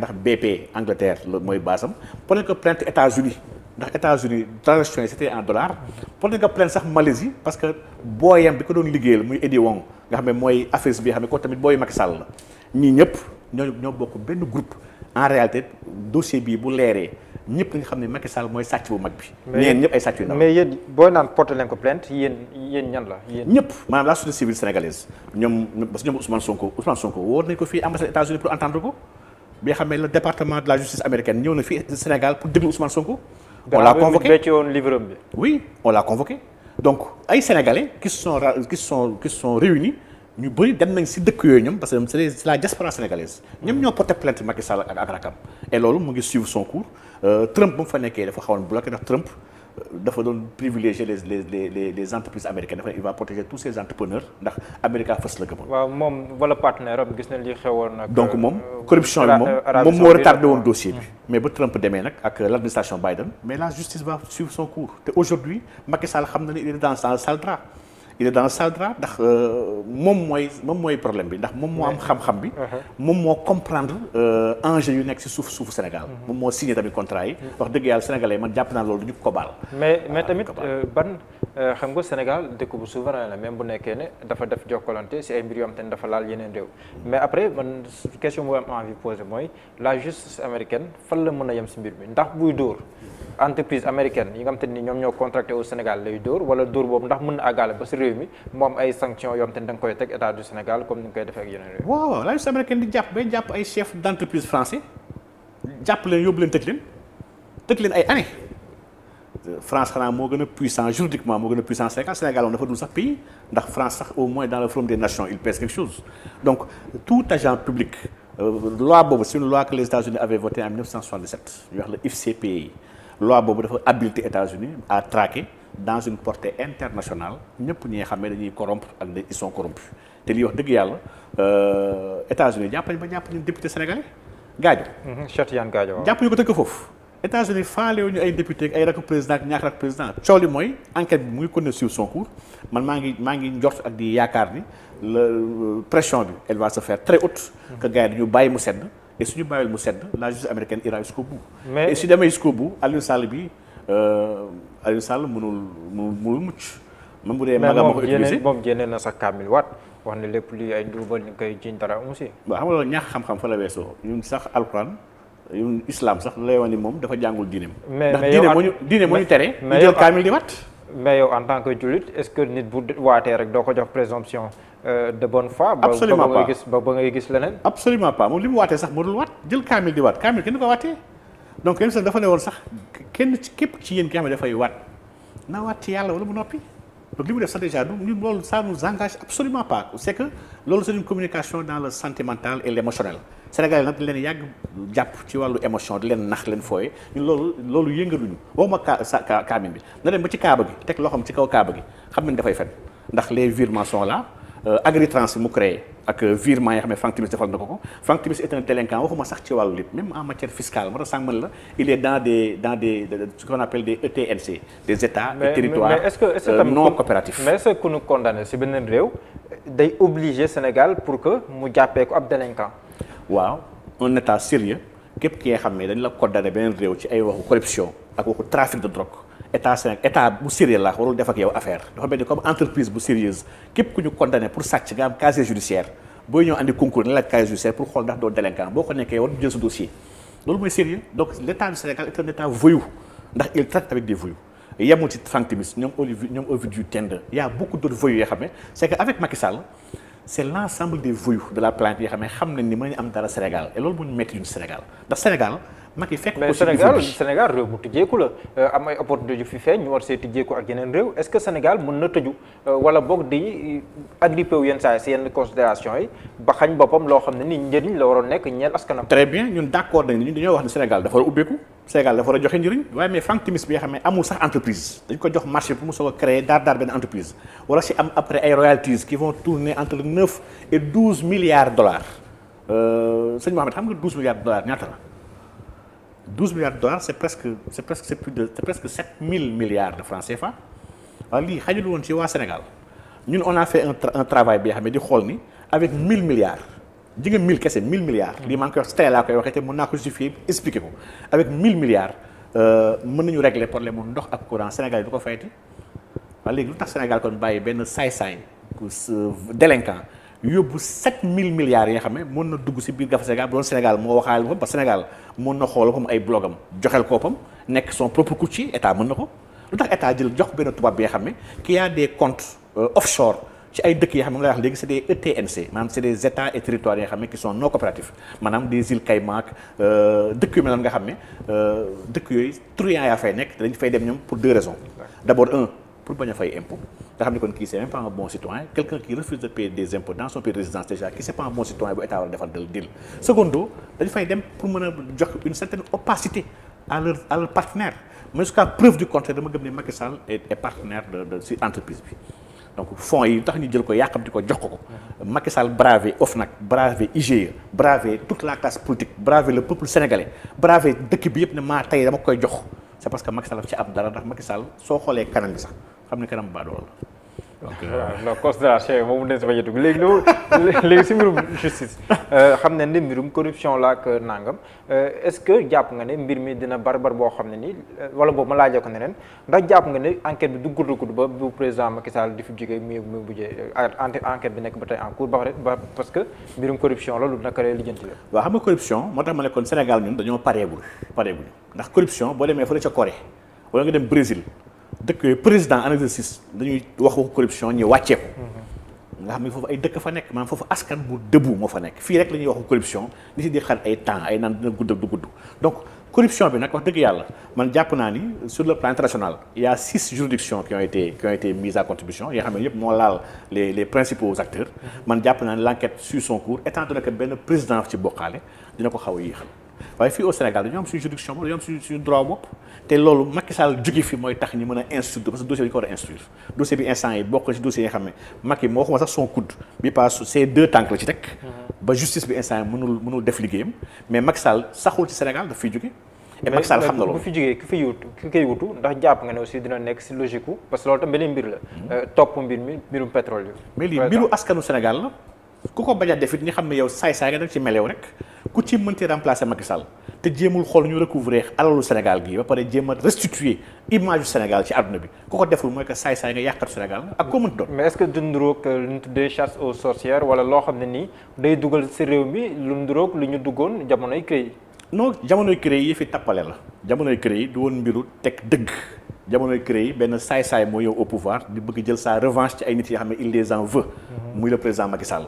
mooy baasam porté ko plainte États-Unis ndax États-Unis transaction yi c' était en dollars porté ko sax Malaisie parce que boo booyam bi ko doon liggéeyal muy Eddie Wong nga xam ne mooy affaire bi nga xam ne ko tamit booy Macky Sall la ñii ñëpp ñoo ñoo bokk benn group en réalité dossier bii bu leeree. ñëpp nga xam ne Macky Sall mooy sàcc bu mag bi. mais yéen ñëpp ay sàcc yu ndaw mais yéen booy naan porté leen ko plainte yéen ñan la yéen. ñëpp maanaam la société civile sénégalaise ñoom parce que ñoom Ousmane Sonko Ousmane Sonko wóor nañ ko fii ambassade États-Unis pour entendre ko bi nga xam ne le département de la justice américaine ñëw na fii Sénégal pour déglu Ousmane Sonko. on on l'a convoqué donc ay sénégalais qui se sont qui se sont qui se sont réunis ñu bëri dem nañ si dëkk yooyu ñoom parce que c'est c'est la diaspora sénégalaise ñoom ñoo porté plainte Macky ak ak rakam loolu mu ngi suivre son cours euh, Trump ba mu fa nekkee dafa xawoon bloqué ndax Trump euh, dafa doon privilégier les les les les entreprises américaines dafa ne il va protéger tous ces entrepreneurs ndax America First la gëmoon. gis nañ li xewoon nag. donc moom euh, corruption bi moom moom moo retardé woon dossier bi. Hmm. mais ba Trump demee nag ak l' administration Biden. mais xam na ne il est dans sa droit ndax euh, moom mooy moom mooy problème bi ndax moom moo am xam-xam bi. Uh-huh. moom moo comprendre euh, enjeu yu nekk si suuf suufu Sénégal. Mm-hmm. moom moo signé tamit contrat yi. Mm-hmm. wax dëgg yàlla sénégalais man jàpp naa loolu du ñu ko baal. mais tamit euh, ban xam nga Sénégal dëkk bu souverain la même bu nekkee ne dafa def jokkalante si ay mbir yoo xam te dafa laal yeneen réew. Mm-hmm. mais après man question bu am envie posé mooy la justice américaine fan la mën a yem si mbir bi ndax buy dóor. entreprise américaine yi nga xam te ni ñoom ñoo contracté au Sénégal lay dóor wala dóor boobu ndax mën na àggaale ba si réew mi moom ay sanctions yoo te ni koy teg état du Sénégal comme ni nga koy defee ak yeneen réew. leen France xanaa moo gën a puissant juridiquement moo gën a puissant Sénégal Sénégal moom dafa dul sax pays ndax France sax au moins dans le forum des nations il pèse quelque chose donc tout agent public euh, loi boobu c'est loi que les États-Unis loi boobu dafa habilité États-Unis à traquer dans une portée internationale ñëpp ñi nga xam ne dañuy corrompre ak ils sont corrompus te li wax dëgg yàlla euh, États-Unis jàpp nañ ba jàpp ñun député sénégalais Gadio. Mm-hmm. Cheikh Tidiane Gadio waaw jàpp ñu ko tënk foofu. États-Unis faale ñu ay député ak ay rakk président ak ñaata rakk président coow mooy enquête bi muy continuer son cours man maa ngi maa ngi njort ak di yaakaar ni la pression bi elle va se faire très haute. Mm-hmm. que gars yi dañu bàyyi mu sedd. et ñu bàyyil mu sedd la justice américaine ira jusqu'au bout. mais et su demee jusqu'au bout Sall bi euh, Aliou Sall mënul mënul mucc. même bu dee maga ma ko utilisé mais moom génne na sax kaamil waat wax ne lépp li ay nduubal ñu koy jiñ dara amu si. waaw xam nga loolu ñaax xam-xam fa la weesoo ñun sax alquran ñun islam sax lay wax ni moom dafa jàngul diineem. mais mais yow ndax diine moo mais yow kaamil di waat. mais yow en tant que jullit est-ce que nit bu waatee rek doo ko jox présomption. Euh, de bonne foi. absolument ba ba ngay gis ba ba ngay gis leneen. absolument pas moom li mu waatee sax dul waat jël kaamil di waat kaamil kenn du ko waatee donc yenn sax kenn ci képp ci yéen ki nga xam ne dafay waat na waat ci yàlla wala mu noppi donc mu def sax déjà du ñun loolu ça nous engage loolu c'est une communication dans le sentimental et l'émotionnel Sénégalais nag di leen yàgg jàpp ci wàllu émotion di leen nax leen fooye ñun loolu loolu yëngaluñu waxuma ka kaamin bi na ba ci kaaba gi teg loxoom ci kaw kaaba gi xam ne dafay fen ndax les virements sont là Euh, agritrans mu créé ak euh, virement yi xam ne Franck Timis defal na ko ko Franck waxuma sax ci wàllu lépp même en matière fiscale moo tax sànq man la il est dans des dans des ce qu'on appelle des ETNC des états et territoires euh, non coopératifs mais est-ce que ku condamné si beneen réew day obligé Sénégal pour que mu jàppee ko ab délinquant waaw un état sérieux képp ki nga xam ne dañ la condamné beneen réew ci ay waxu corruption ak waxu trafic de drogue état Sénégal état bu sérieux la warul def ak yow affaire dafa mel ni comme entreprise bu sérieuse képp ku ñu condamné pour sàcc nga am casier judiciaire booy ñëw andi concours ne la casier judiciaire pour xool ndax doo délinquant boo ko nekkee war du jël sa dossier loolu mooy sérieux donc l' du Sénégal est un ndax il traite avec des voyous yemul ci Franck a que avec Macky Sall c' est l' ensemble des voyous de xam ne ni mën nañu am dara Sénégal et loolu moo ñu metti ñun Sénégal ndax Sénégal mag yi fekk ko mais Sénégal Sénégal réew mu tijjeeku la euh, am ay opportunité yu fi feeñ ñu war see tijjeeku ak yeneen réew est-ce que Sénégal mën na tëju euh, wala boog di agrippé wu yenn saa si yenn considération yi ba xañ boppam loo xam ne ni njëriñ la waroon nekk ñeel askanam. très bien ñun d'accord nañ ñun dañoo wax ne Sénégal dafa war a ubbeeku Sénégal dafa war a joxe njëriñ waaye mais Franck Timis bi nga xam ne amul sax entreprise dañ ko jox marché pour mu soog a créer daar daar benn entreprise wala si am après ay royalties qui euh, xam nga douze milliards dollars ñaata 12 milliards de dollars c'est presque c'est presque c'est plus de c'est presque 7000 milliards de francs CFA waaw ah, lii xajul woon ci waa Sénégal ñun on a fait un un travail bi nga xam di xool ni avec 1000 milliards ji mill 1000 kese 1000 milliards. lii maa ngi koy wax tey laa koy waxee te mën naa ko justifier expliquer ko avec 1000 milliards euh, mën nañu régler problème mu ndox ak courant Sénégal du ko fayti waaw léegi lu tax Sénégal kon bàyyi benn saay-saay ku euh, délinquant yóbbu 7000 milliards yi nga xam ne mën na dugg si biir gafa Sénégal bu doon Sénégal moo waxaale boppam ba Sénégal mën na xool boppam ay blogam joxel koppam nekk son propre courtier état mën na ko lu tax état jël jox benn tubaab bi nga xam ne qui a des comptes euh, offshore ci ay dëkk yi xam ne nga wax léegi c'est des ETNC maanaam c'est des états et territoires yi nga xam ne qui sont non coopératifs maanaam des îles Caïman ak euh, dëkk nga xam ne euh, dëkk yooyu truand yaa fay nekk te dañ fay dem ñoom pour deux raisons pour bañ a fay impôt nga xam ne kon kii c'est même pas un bon citoyen quelqu'un qui refuse de payer des impôts dans son pays de résidence déjà qui c'est pas un bon citoyen bu état war a defal dal secondo dañ fay dem pour mën a jox une certaine opacité à leur à leur partenaire mais jusqu'à preuve du contraire dama gëm ne Macky Sall est partenaire de de entreprise bi donc fonds yi tax ñu jël ko yàqam di ko jox ko ko Macky Sall bravé OFNAC bravé IGE c'est parce que Macky Sall daf ci am dara ndax Macky Sall soo xoolee kanam bi sax xam ne kanam baadoo la donc considération yi moom dinañ si bañ léegi loolu léegi si mbirum justice xam ne ne mbirum corruption la ak nangam est-ce que jàpp nga ne mbir mi dina barbar boo xam ne nii wala boobu ma laajee ko ne leen ndax jàpp nga ne enquête bi duggul duggul ba bu président Macky Sall di fi jógee mu mu bujjee euh, enquête bi nekk ba tey en cours ba parce que mbirum corruption la lu naka lay lijjanti la. waaw xam nga corruption moo tax ma nekkoon Sénégal ñun dañoo pareegul pareegul ndax corruption boo demee fële ca Corée wala nga dem Brésil. dëkk yooyu président en exercice dañuy wax waxu corruption ñi wàccee nga xam ne foofu ay dëkk fa nekk maanaam foofu askan bu dëbbu moo fa nekk fii rek la ñuy waxu corruption ni si di xar ay temps ay naan dina gudd ak du gudd donc corruption bi nag wax dëgg yàlla man jàpp naa ni sur le plan international il y a six juridictions qui ont été qui ont été mises à contribution yoo xam ne yëpp moo laal les les principaux acteurs mm-hmm. man jàpp naa ni l' enquête suit son cours étant benn président ci bokkaale dina ko xaw a waaye fii au Sénégal dañoo am suñu juridiction bopp droit bopp te loolu Macky Sall fi mooy tax ñi mën a instruire parce que dossier bi ñu ko war a instruire dossier bi instant yi bokk ci dossier yi mm-hmm. yi mënul def liggéeyam mais Macky Sall saxul ci Sénégal daf fiy jóge et Macky Sall xam na loolu bu fi jógee ki fi wutu ki wutu ndax jàpp nga ne aussi dina nekk si logique parce que loolu tam beneen mbir la mm-hmm. euh, topp mbir mbirum pétrole bi mais mbiru askanu Sénégal la ku ko bañ a def it ñu xam ne yow saay-saay nga nag ci melew rek ku ci mënti remplacer Macky Sall te jéemul xool ñu recouvrer alalu Sénégal gi ba pare jéem a restituer image Sénégal ci àdduna bi ku ko deful mooy que saay-saay nga yàqatu Sénégal ak ko mënti doon. mais est-ce que du nduroog euh, lu ñu tuddee chasse aux sorcières wala loo xam ne nii day dugal si réew mi lu nduroog lu ñu duggoon jamonoy crée yi. non jamonoy crée yi fi tappale la jamonoy crée yi du woon mbiru teg dëgg. jamonoy crée yi benn saay-saay moo yow au pouvoir di bëgg jël sa revanche ci ay yoo xam ne il les en mhm. le président Macky Sall.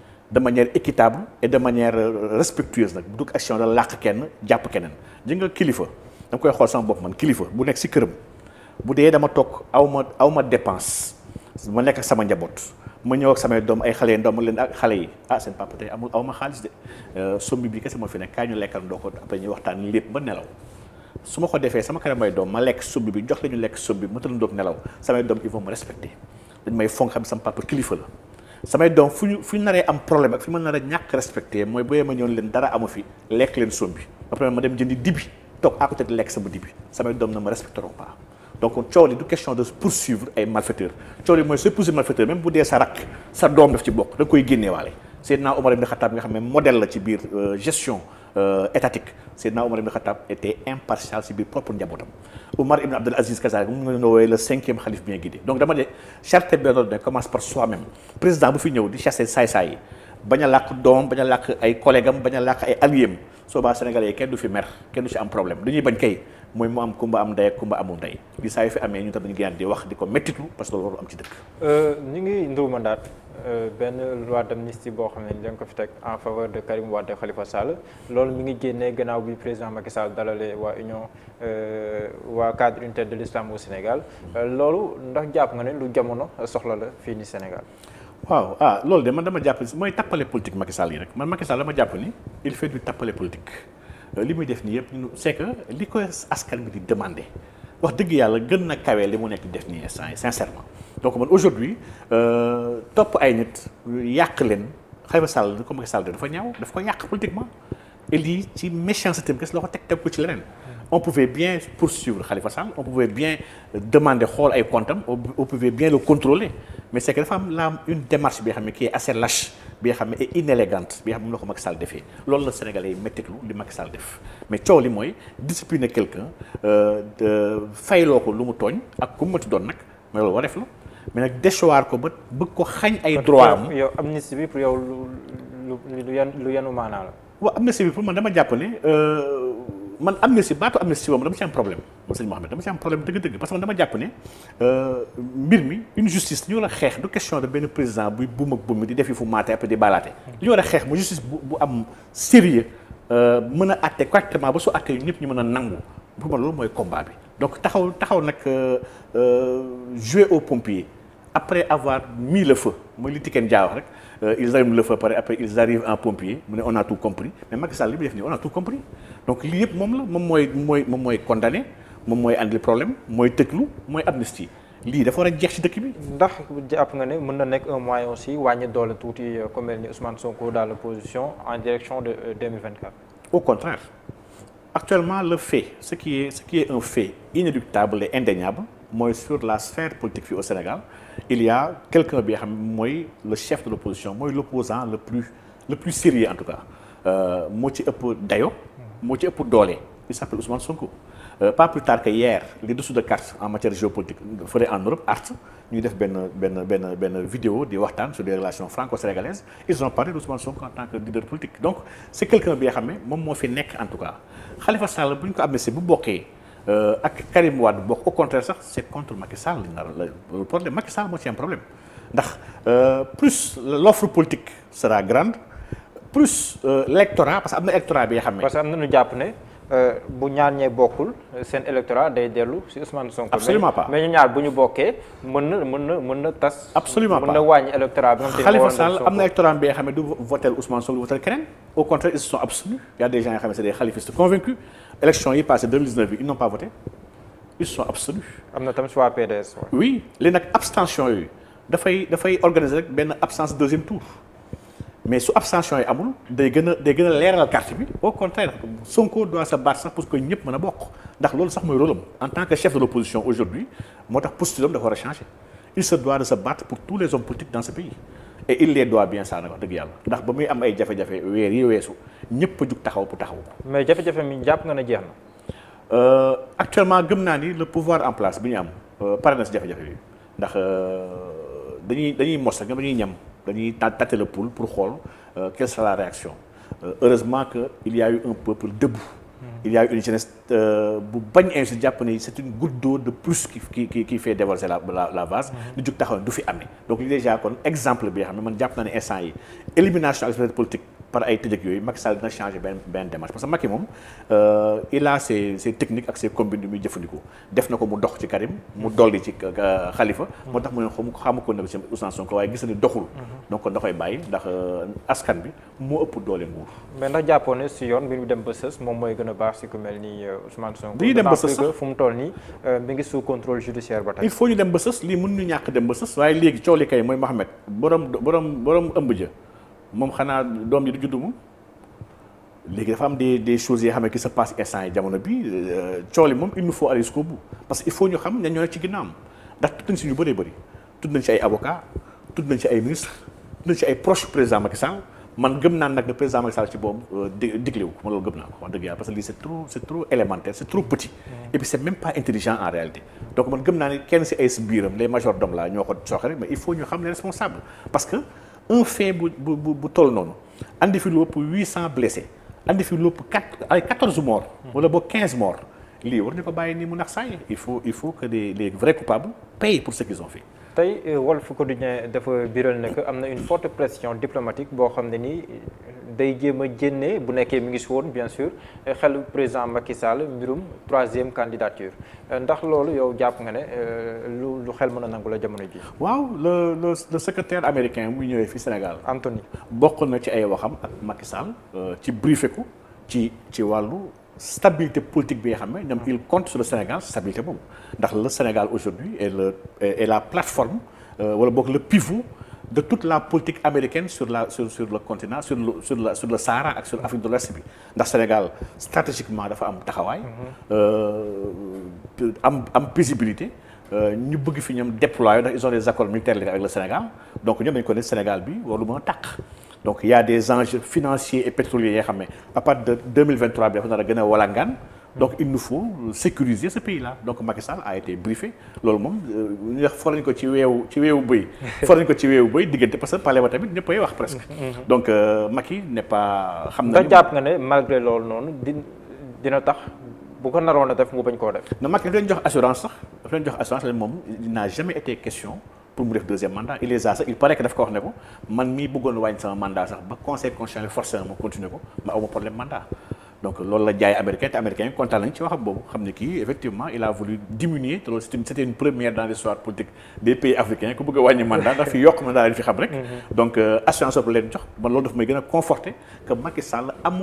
de manière équitable et de manière euh, respectueuse nag du action la làq kenn jàpp keneen ji nga kilifa dama koy xool sama bopp man kilifa bu nekk si këram bu dee dama toog aw ma aw ma dépense ma nekk sama njaboot ma ñëw ak samay doom ay xale yi ndoom leen ak xale yi ah seen papa tey aw ma xaalis de euh, sombi bi kese fi nekk kaay ñu lekkal ndoo ko après ñuy waxtaan lépp ba nelaw su ma ko defee sama kanam may doom ma lekk sombi bi jox la ñu lekk sombi bi ma tëdd nelaw samay doom il faut ma respecté dañ may fonk xam sama papa kilifa la samay doom fu ñu fu ñu naree am problème ak fi ma nar a ñàkk respecté mooy bu ma ñëwoon leen dara amu fi lekk leen soom bi ba pare ma dem jëndi dibi toog à côté de lekk sama dibi samay doom na ma respecteront pas donc coow li du question de poursuivre ay malfaiteurs coow li mooy sooy poursuivre malfaiteur même bu dee sa rakk sa doom daf ci bokk da koy génneewaale Seydina Omar ibn Khattab nga xam ne modèle la ci biir euh, gestion Euh, étatique Seydina Omar ibn Khattab était impartial si biir propre njabootam Omar ibn Abdul Aziz Kazalik mu ngi woowee le cinquième xalif bien guidé donc dama ne charte benn fi a làkk doom bañ a làkk ay collègue am bañ a làkk ay allié am soobaa sénégalais yi kenn du fi mer kenn du si am problème li ñuy bañ kay mooy mu am kumba am ndey ak kumba amul ndey li saa yu fi amee ñu tam dañu gën di wax di ko méttitu parce que loolu am ci dëkk. Euh, ñu ngi Ndour Mandat Euh, benn loi d'amnistie boo xam ne da ko fi teg en faveur de Karim Wade Khalifa Sall loolu mu ngi génnee gannaaw bi président Macky Sall dalalee waa union euh, waa cadre unitaire de l'islam au Sénégal euh, loolu ndax jàpp nga ne lu jamono soxla la fii ni Sénégal. waaw ah loolu de man dama jàpp mooy tappale politique Macky Sall yi rek man Macky Sall dama jàpp ni il fait du tappale politique li muy def nii yëpp c'est que li ko askan bi di demande wax dëgg yàlla gën na kawe li mu nekk def nii instant yi sincèrement. donc man aujourd'hui euh, topp ay nit yàq leen Xalifa Sall ko Macky Sall dafa ñaw daf ko yàq politiquement et lii ci méchanceté kese la ko teg teg ko ci leneen on pouvait bien poursuivre Khalifa Sall on pouvait bien euh, demande xool ay comptam on pouvait bien le contrôler mais c'est dafa am la une démarche bi xam ne kii est assez lâche bi xam ne et inélégante bi nga xam ne moom la ko Macky Sall defee loolu la Sénégalais yi méttitlu li Macky Sall def mais coow li mooy discipliner quelqu'un euh, fayloo ko lu mu tooñ ak ku nag mais loolu mais nag déchoir ko ba bëgg ko xañ ay droit am yow amnistie bi pour yow lu lu yan lu yanu maanaa la. waaw amnistie bi pour man dama jàpp ne euh, man amnistie baatu amnistie boobu dama ci am problème moom sëñ Mouhamed dama ci am problème dëgg-dëgg parce que man dama jàpp ne euh, mbir mi une justice li ñu a xeex du question de benn président buy buum ak buum di def yi fu maate après di balaate li ñu xeex mu justice bu bu am sérieux euh, mën a àtte correctement ba su àttee ñëpp ñu mën a nangu pour man loolu mooy combat bi. donc taxaw taxaw nag euh, euh, jouer aux pompiers après avoir mis le feu mooy li Tiken Jah wax rek euh, ils allument le feu pare après ils arrivent en pompier mu ne on a tout compris mais Macky Sall li mu def nii on a tout compris donc lii yëpp moom la moom mooy mooy moom mooy condamné moom mooy andi problème mooy tëjlu mooy amnistie lii dafa war a jeex ci dëkk bi. ndax jàpp nga ne mën na nekk un moyen aussi wàññi doole tuuti ku mel ni Ousmane Sonko dans position en direction de 2024. au contraire. actuellement le fait ce qui est ce qui est un fait inéluctable et indéniable mooy sur la sphère politique fii au Sénégal il y a quelqu'un bi nga xam mooy le chef de l'opposition mooy l'opposant le plus le plus sérieux en tout cas euh, moo ci ëpp dayo moo ci ëpp doole il s'appelle Ousmane Sonko euh, pas plus tard que hier les dessous de cartes en matière géopolitique fële en Europe art ñuy def benn benn benn benn vidéo di waxtaan su des relations franco-sénégalaises ils ont parlé d'Ousmane Sonko en tant que leader politique donc c'est quelqu'un bi nga xam moom moo fi nekk en tout cas Khalifa Sall bu ñu ko amnistie bu bokkee euh, ak Karim Wade bokk au contraire sax c'est contre Macky Sall le problème Macky Sall moo ci am problème ndax euh, plus l'offre politique sera grande plus euh, l'électorat parce que am na électorat bi nga xam ne parce que am na Euh, bu ñaar ñee bokkul seen électorat day dellu si Ousmane Sonko. absolument pas mais ñu ñaar bu ñu bokkee mën na mën na mën na tas. absolument pas mën na wàññi électorat bi nga xam ne Khalifa am na électorat bi nga xam ne du votel Ousmane Sonko du votel keneen au contraire ils se sont abstenus y a des gens yoo xam ne c'est des khalifistes convaincus élection yi passé 2019 bi ils n'ont pas voté ils se sont am na tamit si waa PDS. oui léegi nag abstention yooyu dafay dafay organiser rek benn absence deuxième tour. mais su abstention yi amul day gën day gën a leeral carte bi au contraire Sonko doit se battre sax pour que ñëpp mën a bokk ndax loolu sax mooy rôle en tant que chef de l'opposition aujourd'hui moo tax posture dafa war a changer il se doit de se battre pour tous les hommes politiques dans ce pays et il les doit bien ça dëgg yàlla ndax ba muy am ay jafe-jafe weer yi weesu ñëpp a jug taxaw bu taxaw mais jafe-jafe mi jàpp nga ne jeex na. Euh, actuellement gëm naa ni le pouvoir en place bi ñu am euh, pare na si ndax euh, dañuy dañuy mos rek dañuy ñam. dañuy tâter le pouls pour xool euh, quelle sera la réaction euh, heureusement que il y a eu un peuple debout. Mm-hmm. il y a eu une jeunesse euh, bu bañ injuste jàpp ne c'est une goutte d'eau de plus qui qui qui qui fait la la la vase. ñu mm-hmm. jug taxaw du fi amee donc li déjà kon exemple bi xam ne man jàpp naa ne instant yi élimination ak politique. par ay tëjëk yooyu Macky Sall dina changé benn benn démarche parce que Macky moom euh, il a ses ses ak ses combines yu muy jëfandikoo def na ko mu dox ci Karim mu dolli ci xalifa euh, moo tax mu ne xam xamu ko ne ci Ousmane Sonko gis na ni mhm. da koy bàyyi ndax euh, bi moo ëpp doole nguur mais ndax jàppoon ne si yoon mbir bi dem ba sës moom mooy gën a baax si ku mel ni Ousmane Sonko dañuy dem ba fu mu toll nii mi ngi sous contrôle judiciaire ba tey il faut ñu dem ba lii mën ñu ñàkk dem ba sës waaye léegi coow li kay mooy Mohamed borom boroom borom ëmb ja moom xanaa doom ji du juddu moom léegi dafa am des des choses yoo xam ne qui se passe instant jamono bi euh, coole moom il nous faut aller jusqu'au bout parce que il faut ñu xam ñan ñoo ci ginnaawam ndax tudd nañ ñu bëri tudd nañ si ay avocat tudd nañ ay ministre tudd nañ si ay proche président Macky Sall man gëm naa nag ne président Macky Sall ci boobu euh, digle wu ko man loolu gëm naa ko wax dëgg yàlla parce que lii c'est trop élémentaire c'est trop petit et puis c'est même pas intelligent en réalité donc man gëm naa kenn si ay biiram les majordomes la ñoo ko sooxe rek mais il faut ñu xam les responsables parce un fait bu bu bu toll noonu andi fi lu ëpp huit cent blessés andi fi lu ëpp quatre ay quatorze morts. wala boog quinze morts lii war na ko bàyyi nii mu nax saa il faut il faut que les les vrais coupables payent pour ce qu'ils ont fait. tey euh, Walf Quotidien dafa biral ne am na une forte pression diplomatique boo xam ne nii euh, day jéem a jénnee bu nekkee mi ngi si woon bien sûr xel président Macky Sall mbirum troisième candidature euh, ndax loolu yow jàpp nga ne lu lu xel mën a nangu la jamono ji waaw le le secretaire secrétaire américain bu ñëwee fi Sénégal Anthony bokk na ci ay waxam ak Macky ci briefé ko ci ci wàllu stabilité politique bi nga xam ne ñoom il compte sur le Sénégal stabilité boobu ndax le Sénégal aujourd'hui est le est la plateforme euh, wala boog le pivot de toute la politique américaine sur la sur sur le continent sur le la sur le Sahara ak sur Afrique de l'Ouest ndax Sénégal stratégiquement dafa am taxawaay. Euh, am am visibilité. Euh, ñu bëgg fi ñoom déployer ndax ils ont des accords militaires avec le Sénégal donc ñoom dañu ko ne Sénégal bi war lu mën a donc il des enjeux financiers et pétroliers yoo xam ne à partir de 2023 bi dafa nar a gën a walangaan donc il nous faut sécuriser ce pays la donc Macky Sall a été briefé loolu moom ñu euh, wax for ko ci weewu ci weewu bëy for ko ci weewu bëy diggante parce que palais ba tamit ñëpp ay wax presque mm-hmm. donc euh, Macky n'est pas xam na jàpp nga ne malgré loolu noonu di dina tax bu ko naroon a def mu bañ koo def na Macky dafa leen jox assurance sax dafa leen jox assurance leen moom il n'a question pour mu def deuxième mandat il les a sax il paraît ko daf ko wax ne ko man mii bëggoon wàññi sama mandat sax ba conseil constitutionnel forcé na ma continuer ko ma aw problème mandat donc loolu la jaay américain te américain yi kontaan nañ ci waxam boobu xam ne kii effectivement il a voulu diminuer te loolu c'était une première dans l'histoire politique des pays africains ku bëgg a wàññi mandat ndax fi yokk mandat lañ fi xam rek mhm. donc euh, assurance boobu leen jox man loolu daf may gën a conforter que Macky Sall daf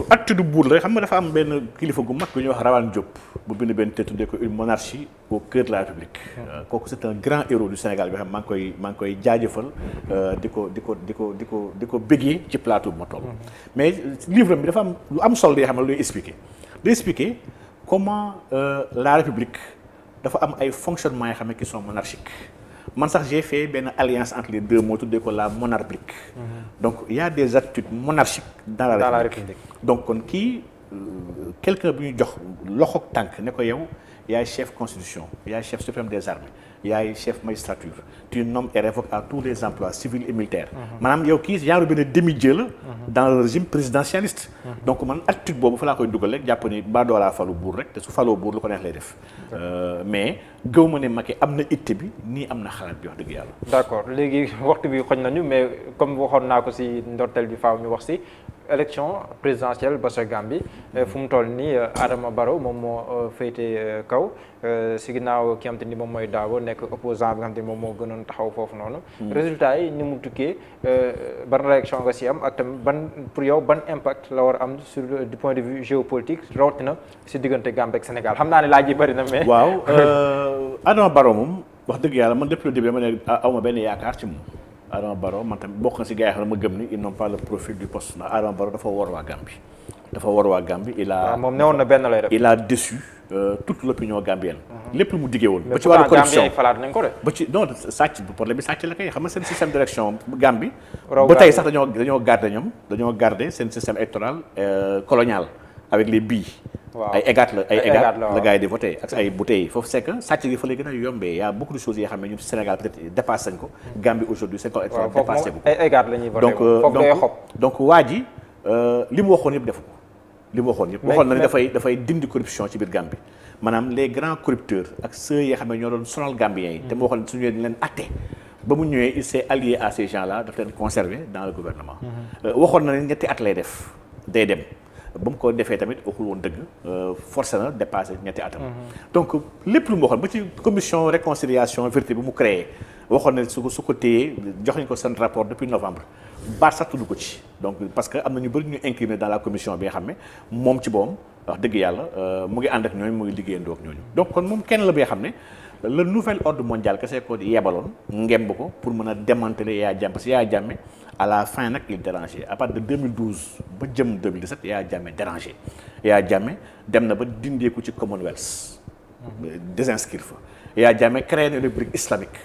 euh, ñu am benn kilifa gu mag bu ñuy wax Rawaan Diop bu bind benn te tuddee ko une monarchie au cœur la République mhm. euh, kooku c'est grand héros du Sénégal bi xam maa ngi koy maa ngi koy jaajëfal euh, di ko di ko di ko di ko di ko bëggee ci plateau bi ma toll. mais livre bi dafa am lu am solo yoo xam ne lu ñuy expliquer di expliquer comment euh, la République dafa am ay fonctionnements yoo xam ne qui sont man sax j'ai benn alliance entre les deux moo tuddee ko la monarplique. Mm -hmm. donc il y a des attitudes monarchiques dans la. République donc kon kii euh, quelqu'un bu ñu jox loxoog tànk ne ko yow. yaay chef constitution yaay chef des armées yaay chef magistrature tu nommes et révoques à tous les emplois civils et militaires mhm. maanaam yow kii genre benn demi-dieu la mhm. dans le régime présidentialiste mhm. donc man attitude boobu fa laa koy dugal jàpp ni ba doolaa falu buur rek te su faloo buur lu ko neex lay def euh, mais gëw ma ne Macky am na itte bi nii am na xalaat bi wax dëgg yàlla d'accord léegi waxtu bi xoñ nañu mais comme waxoon naa ko si ndorteel bi faaw ñu wax si élection présidentielle ba sa Gambie euh, fu mu toll nii euh, Adama baro moom moo euh, féete kaw si ginnaaw ki nga ni moom mooy Dabo nekk opposant bi nga xamante ni moom moo gënoon taxaw foofu noonu. Hmm. résultat yi ni mu tukkee ban réaction nga si am ak tamit ban pour yow ban impact la war a am sur du point de vue géopolitique na si diggante Gambie ak Sénégal xam naa ne laaj yi bëri na mais. waaw Adama Barrow moom wax dëgg yàlla man depuis le début ne aw ma benn yaakaar ci Adama Barrow man tamit bokk na si gars yi xam ne ma gëm ni ils n'ont pas le profil du poste ndax Adama Barrow dafa war waa Gambie dafa war waa Gambie il a ah, moom newoon na benn lay def il a euh, mhm. lépp lu mu diggee woon ba ci wàllu corruption ba ci non sàcc problème bi sàcc la kay xam nga seen système d'élection Gambie ba tey sax dañoo dañoo ñoom dañoo garder seen système électoral euh, colonial avec les billes ay égat la ay égat la gars yi di voté ak ay sàcc gi fa lay gën a yombee y a beaucoup de choses yoo Sénégal peut être dépassé ko Gambie aujourd'hui dépassé bu euh, donc waa ji euh, li mu waxoon yëpp defu li mu waxoon yëpp waxoon na ne dafay dafay dindi corruption ci biir Gambie maanaam les grands corrupteurs ak ceux yi leen atte ba mu ñëwee il s'est allié à ces gens là daf leen conserver dans le gouvernement mm-hmm. euh, waxoon na ne ñetti at lay def day dem ba mu ko defee tamit waxul woon dëgg euh, force na dépassé ñetti atam. Mhm. donc lépp lu mu waxoon ba ci commission réconciliation vérité bi mu créé waxoon ne su ko su ko téyee jox nañ ko seen rapport depuis novembre. baat sax ko ci donc parce que am na ñu bëri ñu incliné dans la commission bi nga xam ne moom ci boom wax dëgg yàlla euh, mu ngi ànd ak ñooñu mu ngi liggéeyandoo ak ñooñu. donc kon moom kenn la bi xam ne. le nouvel ordre mondial kese ko yebaloon ngemb ko pour mën a démanteler Yaya Jammeh parce que à la fin nag il dérangeait à partir de 2012 ba jëm 2017 yaa jàmme dérangé yaa jàmme dem na ba dindeeku ci Commonwealth désinscrire fa yaa jàmme créé na une brique islamique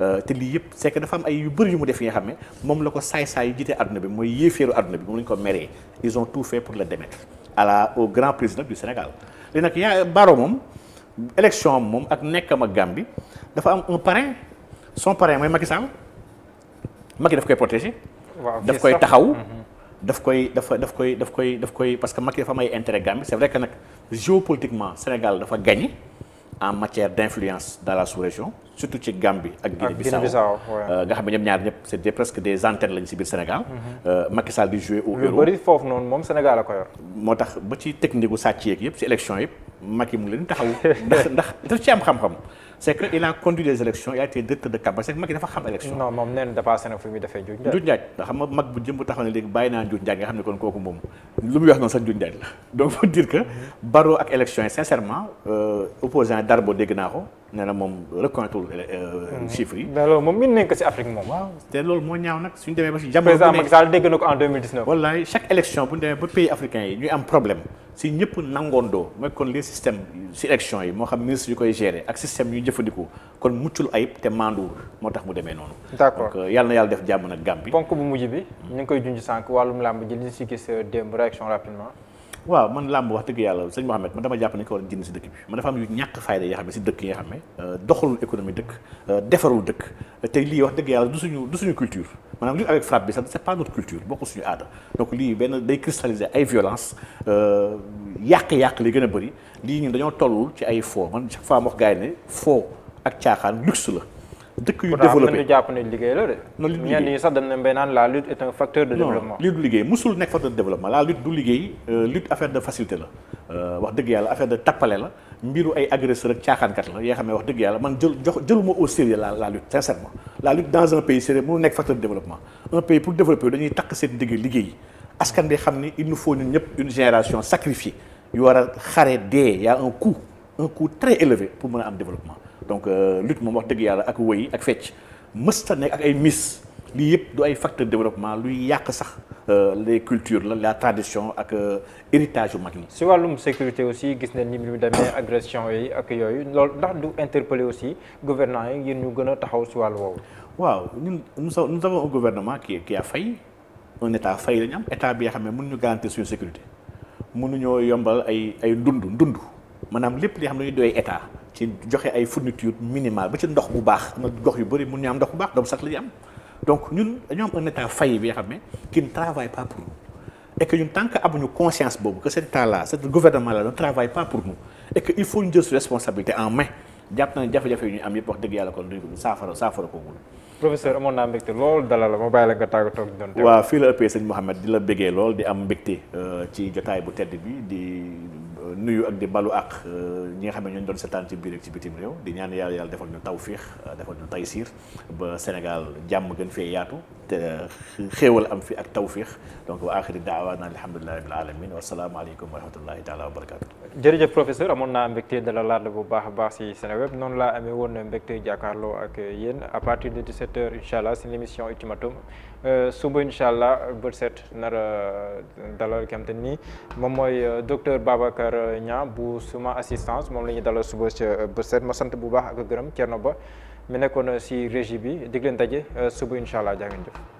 euh, te lii yëpp c'est que dafa am ay yu bëri yu mu def yi nga xam ne moom la ko saay-saay yu jiitee àdduna bi mooy yéeféeru àdduna bi moom la ñu ko meree ils ont tout fait pour le démettre à la au grand prix nag du Sénégal li nag yaa Barrow moom élection moom ak nekkam ak bi dafa am un parrain son parrain mooy Macky Sall Macky Mhm. daf koy taxaw daf koy dafa daf koy daf koy daf koy parce que Macky dafa am ay intérêt Gambie c'est vrai que nag géopolitiquement Sénégal dafa gagné en matière d'influence dans la sous-région surtout ci Gambie ak Guinée-Bissau euh, nga xam ne ñoom ñaar ñëpp c'était presque des antennes lañu si biir Sénégal mhm. euh, Macky Sall di jouer au bureau lu bëri foofu noonu moom Sénégal la ko moo tax ba ci technique bu sàcc yeeg yëpp ci élection yëpp Macky mu ngi leen taxaw ndax ndax daf ci am c'est que il a conduit les élections il a été directeur de campagne c'est que Macky dafa xam élection. non moom nee na dépassé na fu muy ndax xam mag bu jëm bu taxaw ne léegi bàyyi naa Ndiou Ndiaye nga xam ne kon kooku moom lu muy wax noonu sax Ndiou Ndiaye la donc faut dire que Barrow ak élection yi sincèrement euh, opposant Darbo dégg naa ko nee na moom reconnaître euh, chiffres yi. moom min nañ ko si Afrique moom. waaw te loolu moo ñaaw nag suñu demee ba si. jamono bu bu ñu demee ba pays africain yi ñuy am problème si ñëpp nangoondoo mooy kon les systèmes si élection yi moo xam ministre yu koy gérer ak système yu jëfandikoo kon muccul ayib te maanduwul moo tax mu demee noonu. d'accord donc euh, yàlla na yàlla def jàmm nag Gambie. ponk bu mujj bi. ñu koy junj sànq wàllum làmb ji li ñu si gis euh, démb rapidement. waaw man làmb wax dëgg yàlla sëñ Mohamed man dama jàpp ne ko war a jënd si dëkk bi man dafa am yu ñàkk fayda yoo xam ne si dëkk yi xam ne euh, doxalul économie dëkk euh, defarul dëkk te lii wax dëgg yàlla du suñu du suñu culture maanaam lutte avec frappe bi sax c'est pas notre culture bokkul suñu aada donc lii benn day cristalliser ay violence euh, yàq-yàq li gën a bëri lii ñu dañoo tollul ci ay foo man chaque fois wax gars yi ne foo ak caaxaan luxe la dëkk yu développé ñu jàpp liggéey la de. non lutte liggéey ñenn ñi sax dañ ne mbay naan la lutte est un facteur de développement. lutte du liggéey musul nekk facteur de développement la lutte du liggéey euh, lutte affaire de facilité la euh, wax dëgg yàlla affaire de tappale la mbiru ay agresseur ak caaxaankat la yoo xam ne wax dëgg yàlla man jël jox jëluma au sérieux la la lutte sincèrement la lutte dans un pays sérieux mënul nekk facteur de développement un pays pour développer dañuy takk seen digg liggéey askan bi xam ni il nous faut ñun ñëpp une génération sacrifiée yu a xare dee y a un coût pour am développement donc euh, lutte moom wax dëgg yàlla ak yi ak fecc mësta ne ak ay miss lii yëpp du ay facteur développement luy yàq sax euh, les cultures la la tradition ak euh, héritage yu mag yi. si wàllum sécurité aussi gis nañ ni mu demee agression yi ak yooyu loolu ndax du interpeller aussi gouvernants yi ngir ñu gën a taxaw si wàllu woowu. waaw ñun nous avons un gouvernement ki qui a failli un état failli la ñu am état bi nga xam ne mun mënuñu garantir suñu sécurité mënuñoo yombal ay ay dund dund. maanaam lépp li xam ne dañuy doy état ci joxe ay fourniture minimale ba ci ndox bu baax am gox yu bëri mun ñu am ndox bu baax doom sax la ñu am donc ñun dañoo am un état failli bi nga xam ne qui ne travaille pas pour nous conscience boobu que cet état là cet gouvernement là ne pas pour nous et il faut ñu jël su responsabilité en main jàpp na jafe-jafe yu ñu am yëpp wax dëgg yàlla ko saafara saafara ko wul professeur amoon naa mbégte lool dalal la ma bàyyi la nga tàggatoo ak ñoom. waaw fii la ëppee sëñ Mouhamed di la bëggee lool di am mbégte euh, ci jotaay bu tedd bi di. nuyu ak di balu ak euh, ñi nga xam ne ñooñu doon seetaan ci biir ak ci bitim réew di ñaan yàlla yàlla defal ñu tawfiix euh, defal ñu taysiir ba Sénégal jàmm gën fee yaatu te xéewal am fi ak tawfiix donc wa axiri daawaana alhamdulillahi rabbil alamin wa salaamu aleykum wa rahmatullahi taala wa barakaatu jërëjëf professeur amoon naa mbégte de la laal bu baax baax si Seneweb noonu laa amee woon mbégte jàkkaarloo ak yéen à partir de 17 heures incha allah si l' émission Euh, suba incha allah bët set nar a euh, dalal ki nga ni moom mooy euh, docteur Babacar Niang bu suma assistance moom la ñuy dalal suba ci bët set ma sant bu baax ak gërëm Thierno Ba mi nekkoon si régie bi dig leen daje suba incha allah jaa ngeen